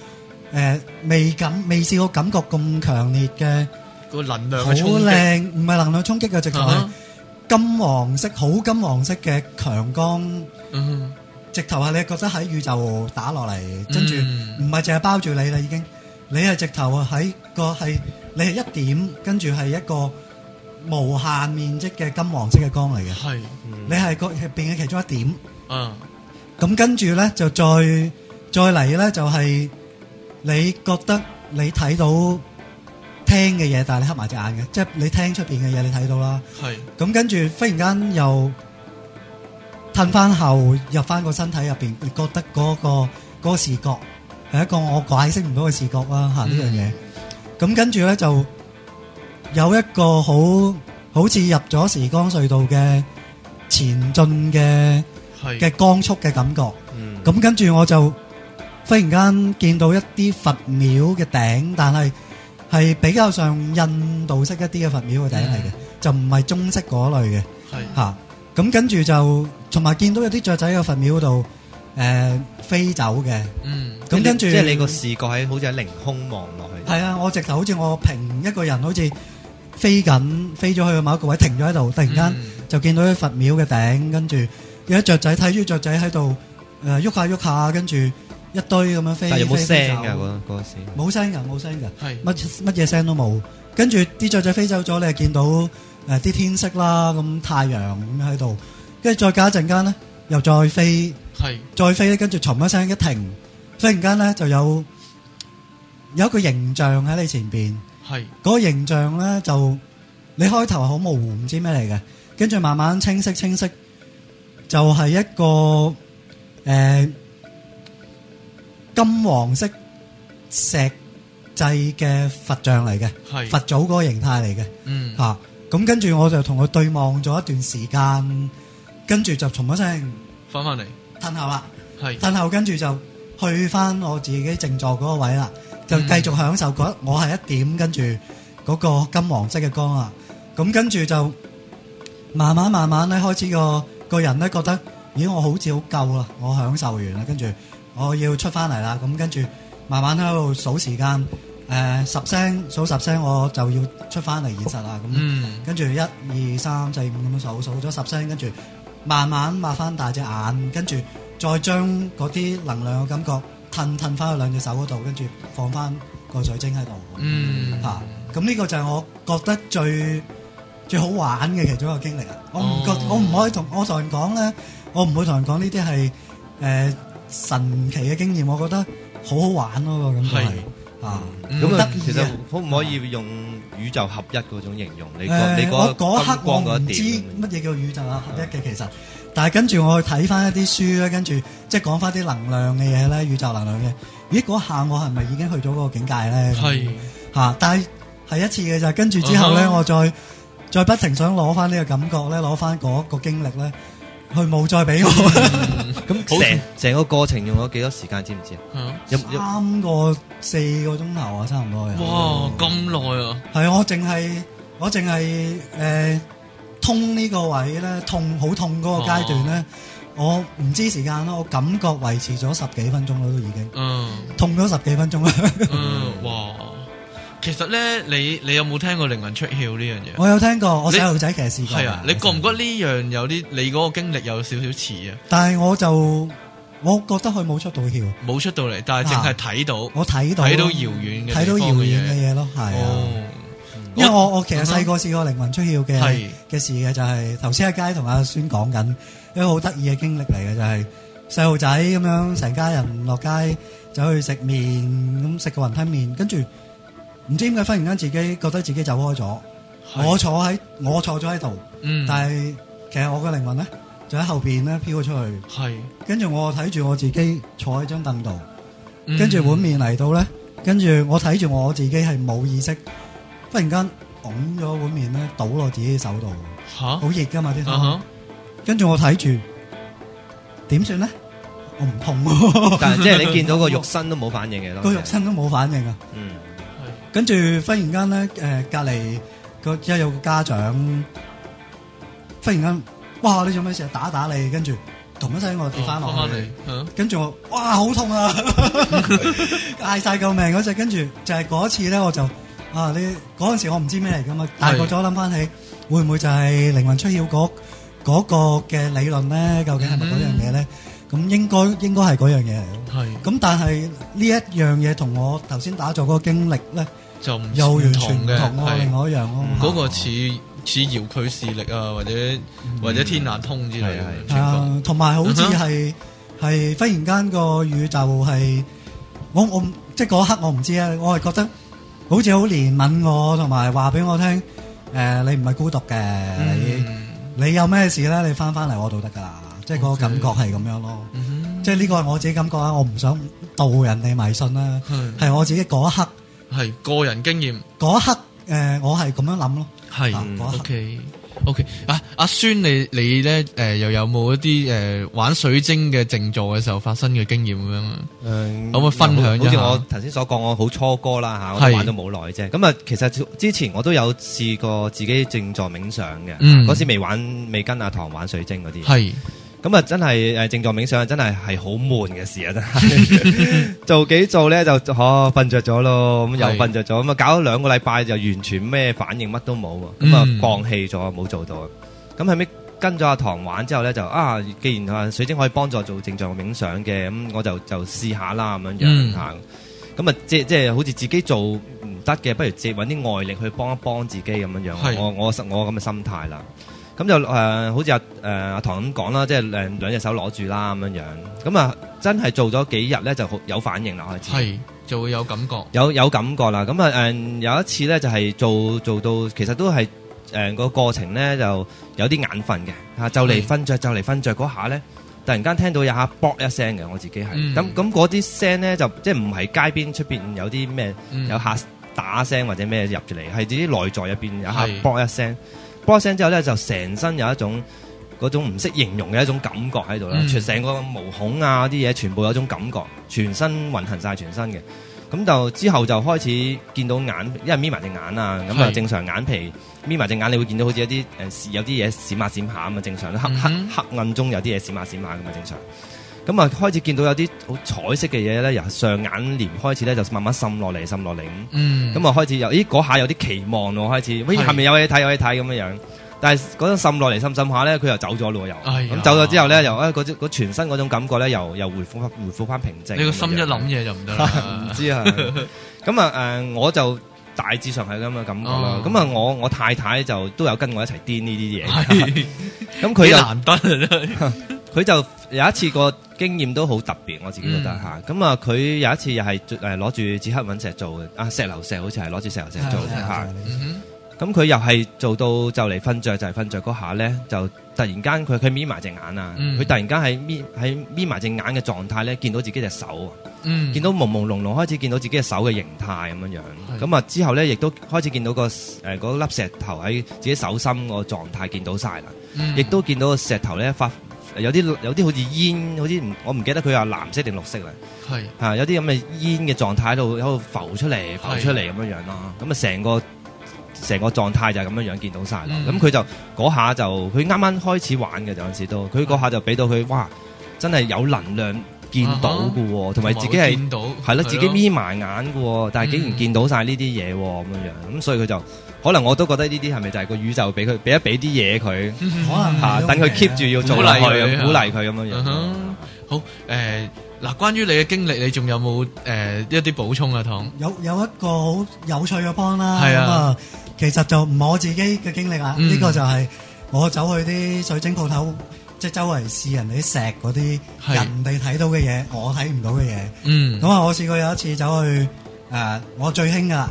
呃、未感未試過感覺咁強烈嘅個能量。好靚，唔係能量衝擊嘅，直頭係金黃色，好、啊、金黃色嘅強光。嗯、哼，直頭係你覺得喺宇宙打落嚟，跟住唔係淨係包住你啦已經。你係直頭啊喺個係，你係一點跟住係一個。無限面積嘅金黃色嘅光嚟嘅，嗯、你係個入邊嘅其中一點，咁、啊、跟住咧就再再嚟咧就係、是、你覺得你睇到聽嘅嘢，但係你黑埋隻眼嘅，即、就、係、是、你聽出邊嘅嘢，你睇到啦。咁是跟住忽然間又褪翻後是入翻個身體入邊，而覺得嗰、那個嗰、那個那個視覺係一個我解釋唔到嘅視覺啦吓呢樣嘢。咁跟住咧就。有一個好好似入咗時光隧道嘅前進嘅係嘅光速嘅感覺，咁跟住我就忽然間見到一啲佛廟嘅頂，但係係比較上印度式一啲嘅佛廟嘅頂嚟嘅，就唔係中式嗰類嘅，係嚇。咁跟住就同埋見到有啲雀仔喺佛廟度誒飛走嘅，咁跟住即係你個視覺喺好似喺凌空望落去，係啊！我直頭好似我平一個人好似。飛緊，飛咗去某一個位停咗喺度，突然間就見到啲佛廟嘅頂，跟住有一雀仔睇住，啲雀仔喺度誒喐下喐下，跟住一堆咁樣飛但有有、啊、飛走。冇聲噶，冇聲噶，乜乜嘢聲都冇。跟住啲雀仔飛走咗，你就見到誒啲、呃、天色啦，咁太陽咁喺度。跟住再隔一陣間咧，又再飛，的再飛咧，跟住冚一聲一停，忽然間咧就有有一個形象喺你前邊。係嗰個形象咧，就你開頭好模糊，唔知咩嚟嘅，跟住慢慢清晰清晰，就係、是、一個誒、呃、金黃色石製嘅佛像嚟嘅，是佛祖嗰個形態嚟嘅。嗯，吓咁跟住我就同佢對望咗一段時間，跟住就鬆一聲翻翻嚟，褪後啦，褪後，跟住是就去翻我自己靜坐嗰個位啦。就繼續享受嗰我係一點，跟住嗰個金黃色嘅光啊。咁跟住就慢慢慢慢咧開始個個人咧覺得，咦我好似好夠啦，我享受完啦，跟住我要出翻嚟啦！咁跟住慢慢喺度數時間，誒十聲數十聲，我就要出翻嚟現實啦！咁跟住一二三四五咁樣數，數咗十聲，跟住慢慢擘翻大隻眼，跟住再將嗰啲能量嘅感覺。褪褪翻去兩隻手嗰度，跟住放翻個水晶喺度。嗯，嚇，咁呢個就係我覺得最最好玩嘅其中一個經歷啊！我唔覺，我唔可以同我同人講咧，我唔會同人講呢啲係誒神奇嘅經驗。我覺得好好玩咯，咁係啊。咁得，其實可唔可以用宇宙合一嗰種形容？你覺得？我嗰刻講唔知乜嘢叫宇宙合一嘅？其實。但係跟住我去睇翻一啲書咧，跟住即係講翻啲能量嘅嘢咧，宇宙能量嘅。咦，嗰下我係咪已經去咗嗰個境界咧？係吓，但係係一次嘅啫。跟住之後咧，我再再不停想攞翻呢個感覺咧，攞翻嗰個經歷咧，佢冇再俾我。咁成成個過程用咗幾多時間？知唔知啊？三個四個鐘頭啊，差唔多。哇，咁耐啊！係我淨係我淨係誒。通呢個位咧，痛好痛嗰個階段咧，啊、我唔知時間咯，我感覺維持咗十幾分鐘咯，都已經、嗯、痛咗十幾分鐘啦。嗯，哇！其實咧，你你有冇聽過靈魂出竅呢樣嘢？我有聽過，我細路仔其實試過。係啊，你覺唔覺得呢樣有啲、啊、你嗰個經歷有少少似啊？但係我就我覺得佢冇出到竅，冇出到嚟，但係淨係睇到我睇到，睇、啊、到，到遙遠嘅睇到遙遠嘅嘢咯，係啊。哦哦因為我我其實細個試過靈魂出竅嘅嘅事嘅、就是，就係頭先喺街同阿孫講緊，一個好得意嘅經歷嚟嘅，就係細路仔咁樣成家人落街走去食麵，咁食個雲吞麵，跟住唔知點解忽然間自己覺得自己走開咗是，我坐喺我坐咗喺度，嗯、但係其實我嘅靈魂咧就喺後邊咧飄咗出去，跟住是我睇住我自己坐喺張凳度，跟住、嗯、碗麵嚟到咧，跟住我睇住我自己係冇意識。忽然間拱咗碗麵咧，倒落自己嘅手度，吓，好熱噶嘛，啲湯，嗯嗯、跟住我睇住，點算咧？我唔痛，啊， 但係即係你見到個肉身都冇反應嘅咯，個肉身都冇反應啊。嗯，跟住忽然間咧，誒隔籬個而家有個家長，忽然間，哇你做咩事啊？打打你，跟住同一聲我跌翻落去，啊你啊、跟住我，哇好痛啊！嗌 晒救命嗰隻，跟住就係、是、嗰、就是、次咧，我就。啊！你嗰陣時我唔知咩嚟噶嘛，大個咗諗翻起，會唔會就係靈魂出竅嗰嗰個嘅理論咧？究竟係咪嗰樣嘢咧？咁應該應該係嗰樣嘢嚟嘅。係。咁但係呢一樣嘢同我頭先打坐嗰個經歷咧，就又完全唔同咯，另外一樣咯。嗰個似似遙距視力啊，或者或者天眼通之類啊，同埋好似係係忽然間個宇宙係我我即係嗰刻我唔知啊，我係覺得。好似好憐憫我，同埋話俾我聽，誒、呃，你唔係孤獨嘅、嗯，你有咩事咧？你翻翻嚟我度得噶啦，okay, 即係嗰、嗯、哼個感覺係咁樣咯。即係呢個係我自己感覺啊，我唔想盜人哋迷信啦，係是我自己嗰一刻，係個人經驗，嗰一刻，誒、呃，我係咁樣諗咯，係嗰是、啊、一刻。Okay. O.K. 啊，阿、啊、孫你你咧，誒、呃、又有冇一啲誒、呃、玩水晶嘅靜坐嘅時候發生嘅經驗咁樣啊？呃、可唔可以分享？好似我頭先所講，我好初哥啦嚇，都玩咗冇耐啫。咁啊是，其實之前我都有試過自己靜坐冥想嘅，嗰、嗯、時未玩，未跟阿唐玩水晶嗰啲。咁啊，就真係誒症狀冥想，真係係好悶嘅事啊！ 做幾做咧就瞓着咗咯，咁、啊、又瞓着咗，咁啊是搞咗兩個禮拜就完全咩反應乜都冇，咁啊放棄咗冇做到。咁後尾跟咗阿唐玩之後咧就啊，既然水晶可以幫助做症狀冥想嘅，咁我就就試下啦咁樣樣行。咁啊即即係好似自己做唔得嘅，不如借揾啲外力去幫一幫自己咁樣樣是。我我我咁嘅心態啦。咁就誒，好似阿誒阿唐咁講啦，即係兩兩隻手攞住啦咁樣樣。咁啊，真係做咗幾日咧，就好有反應啦開始。係，就會有感覺。有有感覺啦。咁啊誒，有一次咧，就係做做到，其實都係誒個過程咧，就有啲眼瞓嘅嚇，就嚟瞓著就嚟瞓著嗰下咧，突然間聽到有下卜一聲嘅，我自己係。嗯。咁咁嗰啲聲咧，就即係唔係街邊出邊有啲咩有下打聲或者咩入住嚟，係自己內在入邊有下卜一聲。嗰聲之後咧，就成身有一種嗰種唔識形容嘅一種感覺喺度啦，全成、嗯、個毛孔啊啲嘢，全部有一種感覺，全身運行晒全身嘅。咁就之後就開始見到眼，因為眯埋隻眼啊，咁啊正常眼皮眯埋隻眼，你會見到好似一啲誒有啲嘢閃下閃下咁啊正常，黑黑、嗯、黑暗中有啲嘢閃下閃下咁啊正常。咁啊，開始見到有啲好彩色嘅嘢咧，由上眼簾開始咧，就慢慢滲落嚟，滲落嚟咁。嗯，咁啊，開始由咦嗰下有啲期望喎，開始，喂，下面有嘢睇，有嘢睇咁嘅樣。但係嗰種滲落嚟滲滲下咧，佢又走咗咯，又。咁走咗之後咧，又啊嗰全身嗰種感覺咧，又又回復回復返平靜。你個心一諗嘢就唔得，唔知啊。咁啊誒，我就大致上係咁嘅感覺啦。咁啊，我我太太就都有跟我一齊癲呢啲嘢。咁佢又。幾難得啊！真係。佢就有一次個經驗都好特別，我自己覺得嚇。咁、嗯、啊，佢有一次又係誒攞住紫黑曜石做嘅，啊石榴石好似係攞住石榴石做嘅。咁佢又係做到就嚟瞓着，就係瞓着嗰下咧，就突然間佢佢眯埋隻眼啊！佢、嗯、突然間喺眯埋隻眼嘅狀態咧，見到自己隻手，嗯、見到朦朦朧朧開始見到自己隻手嘅形態咁樣樣。咁啊是之後咧，亦都開始見到個誒嗰粒石頭喺自己手心個狀態見到晒啦，亦、嗯、都見到個石頭咧發。有啲有啲好似煙，好似我唔記得佢話藍色定綠色啦。係是啊，有啲咁嘅煙嘅狀態喺度，喺度浮出嚟，浮出嚟咁樣樣咯。咁是啊，成個成個狀態就係咁樣樣見到晒啦。咁佢、嗯、就嗰下就佢啱啱開始玩嘅陣時都，佢嗰下就俾到佢哇，真係有能量見到嘅喎，同埋、啊、哈自己係係咯，自己眯埋眼嘅喎，但係竟然見到晒呢啲嘢咁樣樣，咁所以佢就。可能我都覺得呢啲係咪就係個宇宙俾佢俾一俾啲嘢佢，可能嚇等佢 keep 住要做落去，鼓勵佢咁樣樣。好誒，嗱，關於你嘅經歷，你仲有冇誒一啲補充啊？唐有有一個好有趣嘅幫啦，咁啊，其實就唔係我自己嘅經歷啊。呢個就係我走去啲水晶鋪頭，即係周圍試人哋啲石嗰啲，人哋睇到嘅嘢，我睇唔到嘅嘢。嗯，咁啊，我試過有一次走去誒，我最興噶。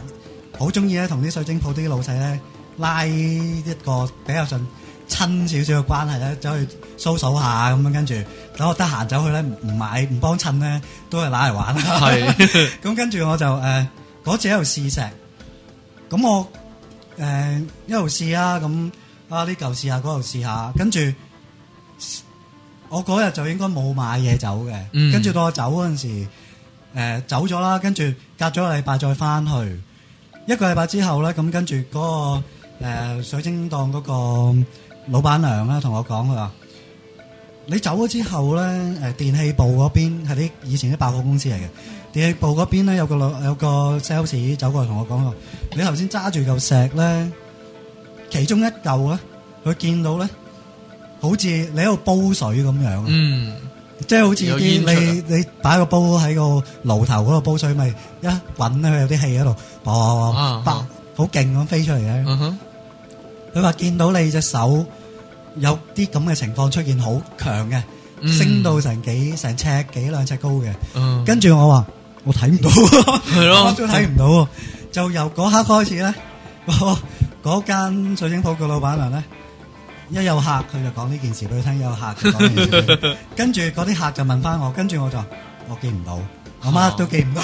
好中意咧，同啲水晶鋪啲老細咧拉一個比較上親少少嘅關係咧，走去 social 下咁樣，跟住，等我得閒走去咧唔買唔幫襯咧，都係攞嚟玩。係，咁跟住我就誒嗰、呃、次喺度試石，咁我誒、呃、一路試啦、啊，咁啊呢嚿、這個、試下，嗰嚿試下，跟住我嗰日就應該冇買嘢走嘅，嗯、跟住到我走嗰陣時、呃、走咗啦，跟住隔咗個禮拜再翻去。一個禮拜之後咧，咁跟住嗰個、呃、水晶檔嗰個老闆娘咧，同我講佢話：你走咗之後咧，誒電器部嗰邊係啲以前啲百貨公司嚟嘅，電器部嗰邊咧有個有個 sales 走過嚟同我講話，你頭先揸住嚿石咧，其中一嚿咧，佢見到咧，好似你喺度煲水咁樣。嗯即係好似見你，你擺個煲喺個爐頭嗰度煲水，咪一滾咧，有啲氣喺度，哇哇哇，白好勁咁飛出嚟咧。佢話見到你隻手有啲咁嘅情況出現，好強嘅，升到成幾成尺幾兩尺高嘅。跟住我話我睇唔到，係咯，我都睇唔到。就由嗰刻開始咧，嗰間水晶鋪嘅老闆娘咧。一有客佢就講呢件事俾佢聽，有客跟住，嗰啲客就問翻我，跟住我就我見唔到，我乜都見唔到，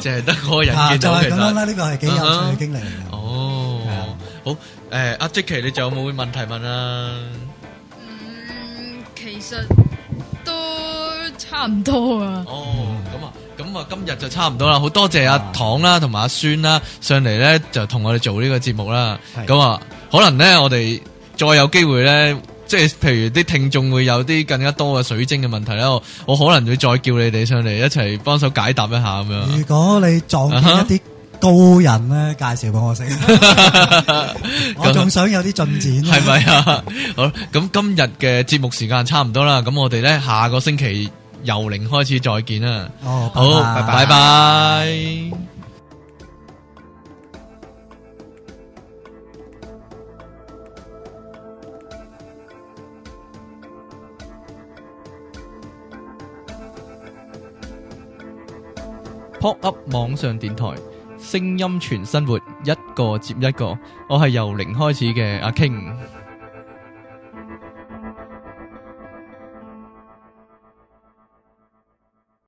就係得嗰個人見到。就係咁樣啦，呢個係幾有趣嘅經歷。哦，好，誒，阿 Jackie，你仲有冇問題問啊？嗯，其實都差唔多啊。哦，咁啊，咁啊，今日就差唔多啦，好多謝阿唐啦，同埋阿孫啦，上嚟咧就同我哋做呢個節目啦。咁啊，可能咧我哋。再有機會呢，即係譬如啲聽眾會有啲更加多嘅水晶嘅問題咧，我可能會再叫你哋上嚟一齊幫手解答一下咁樣。如果你撞見一啲高人呢，uh huh. 介紹俾我識。 我仲想有啲進展。係咪 啊？好，咁今日嘅節目時間差唔多啦，咁我哋呢，下個星期由零開始再見啦。哦，oh, bye 好，拜拜。Up 網上電台，聲音全生活，一個接一個。我係由零開始嘅阿 King。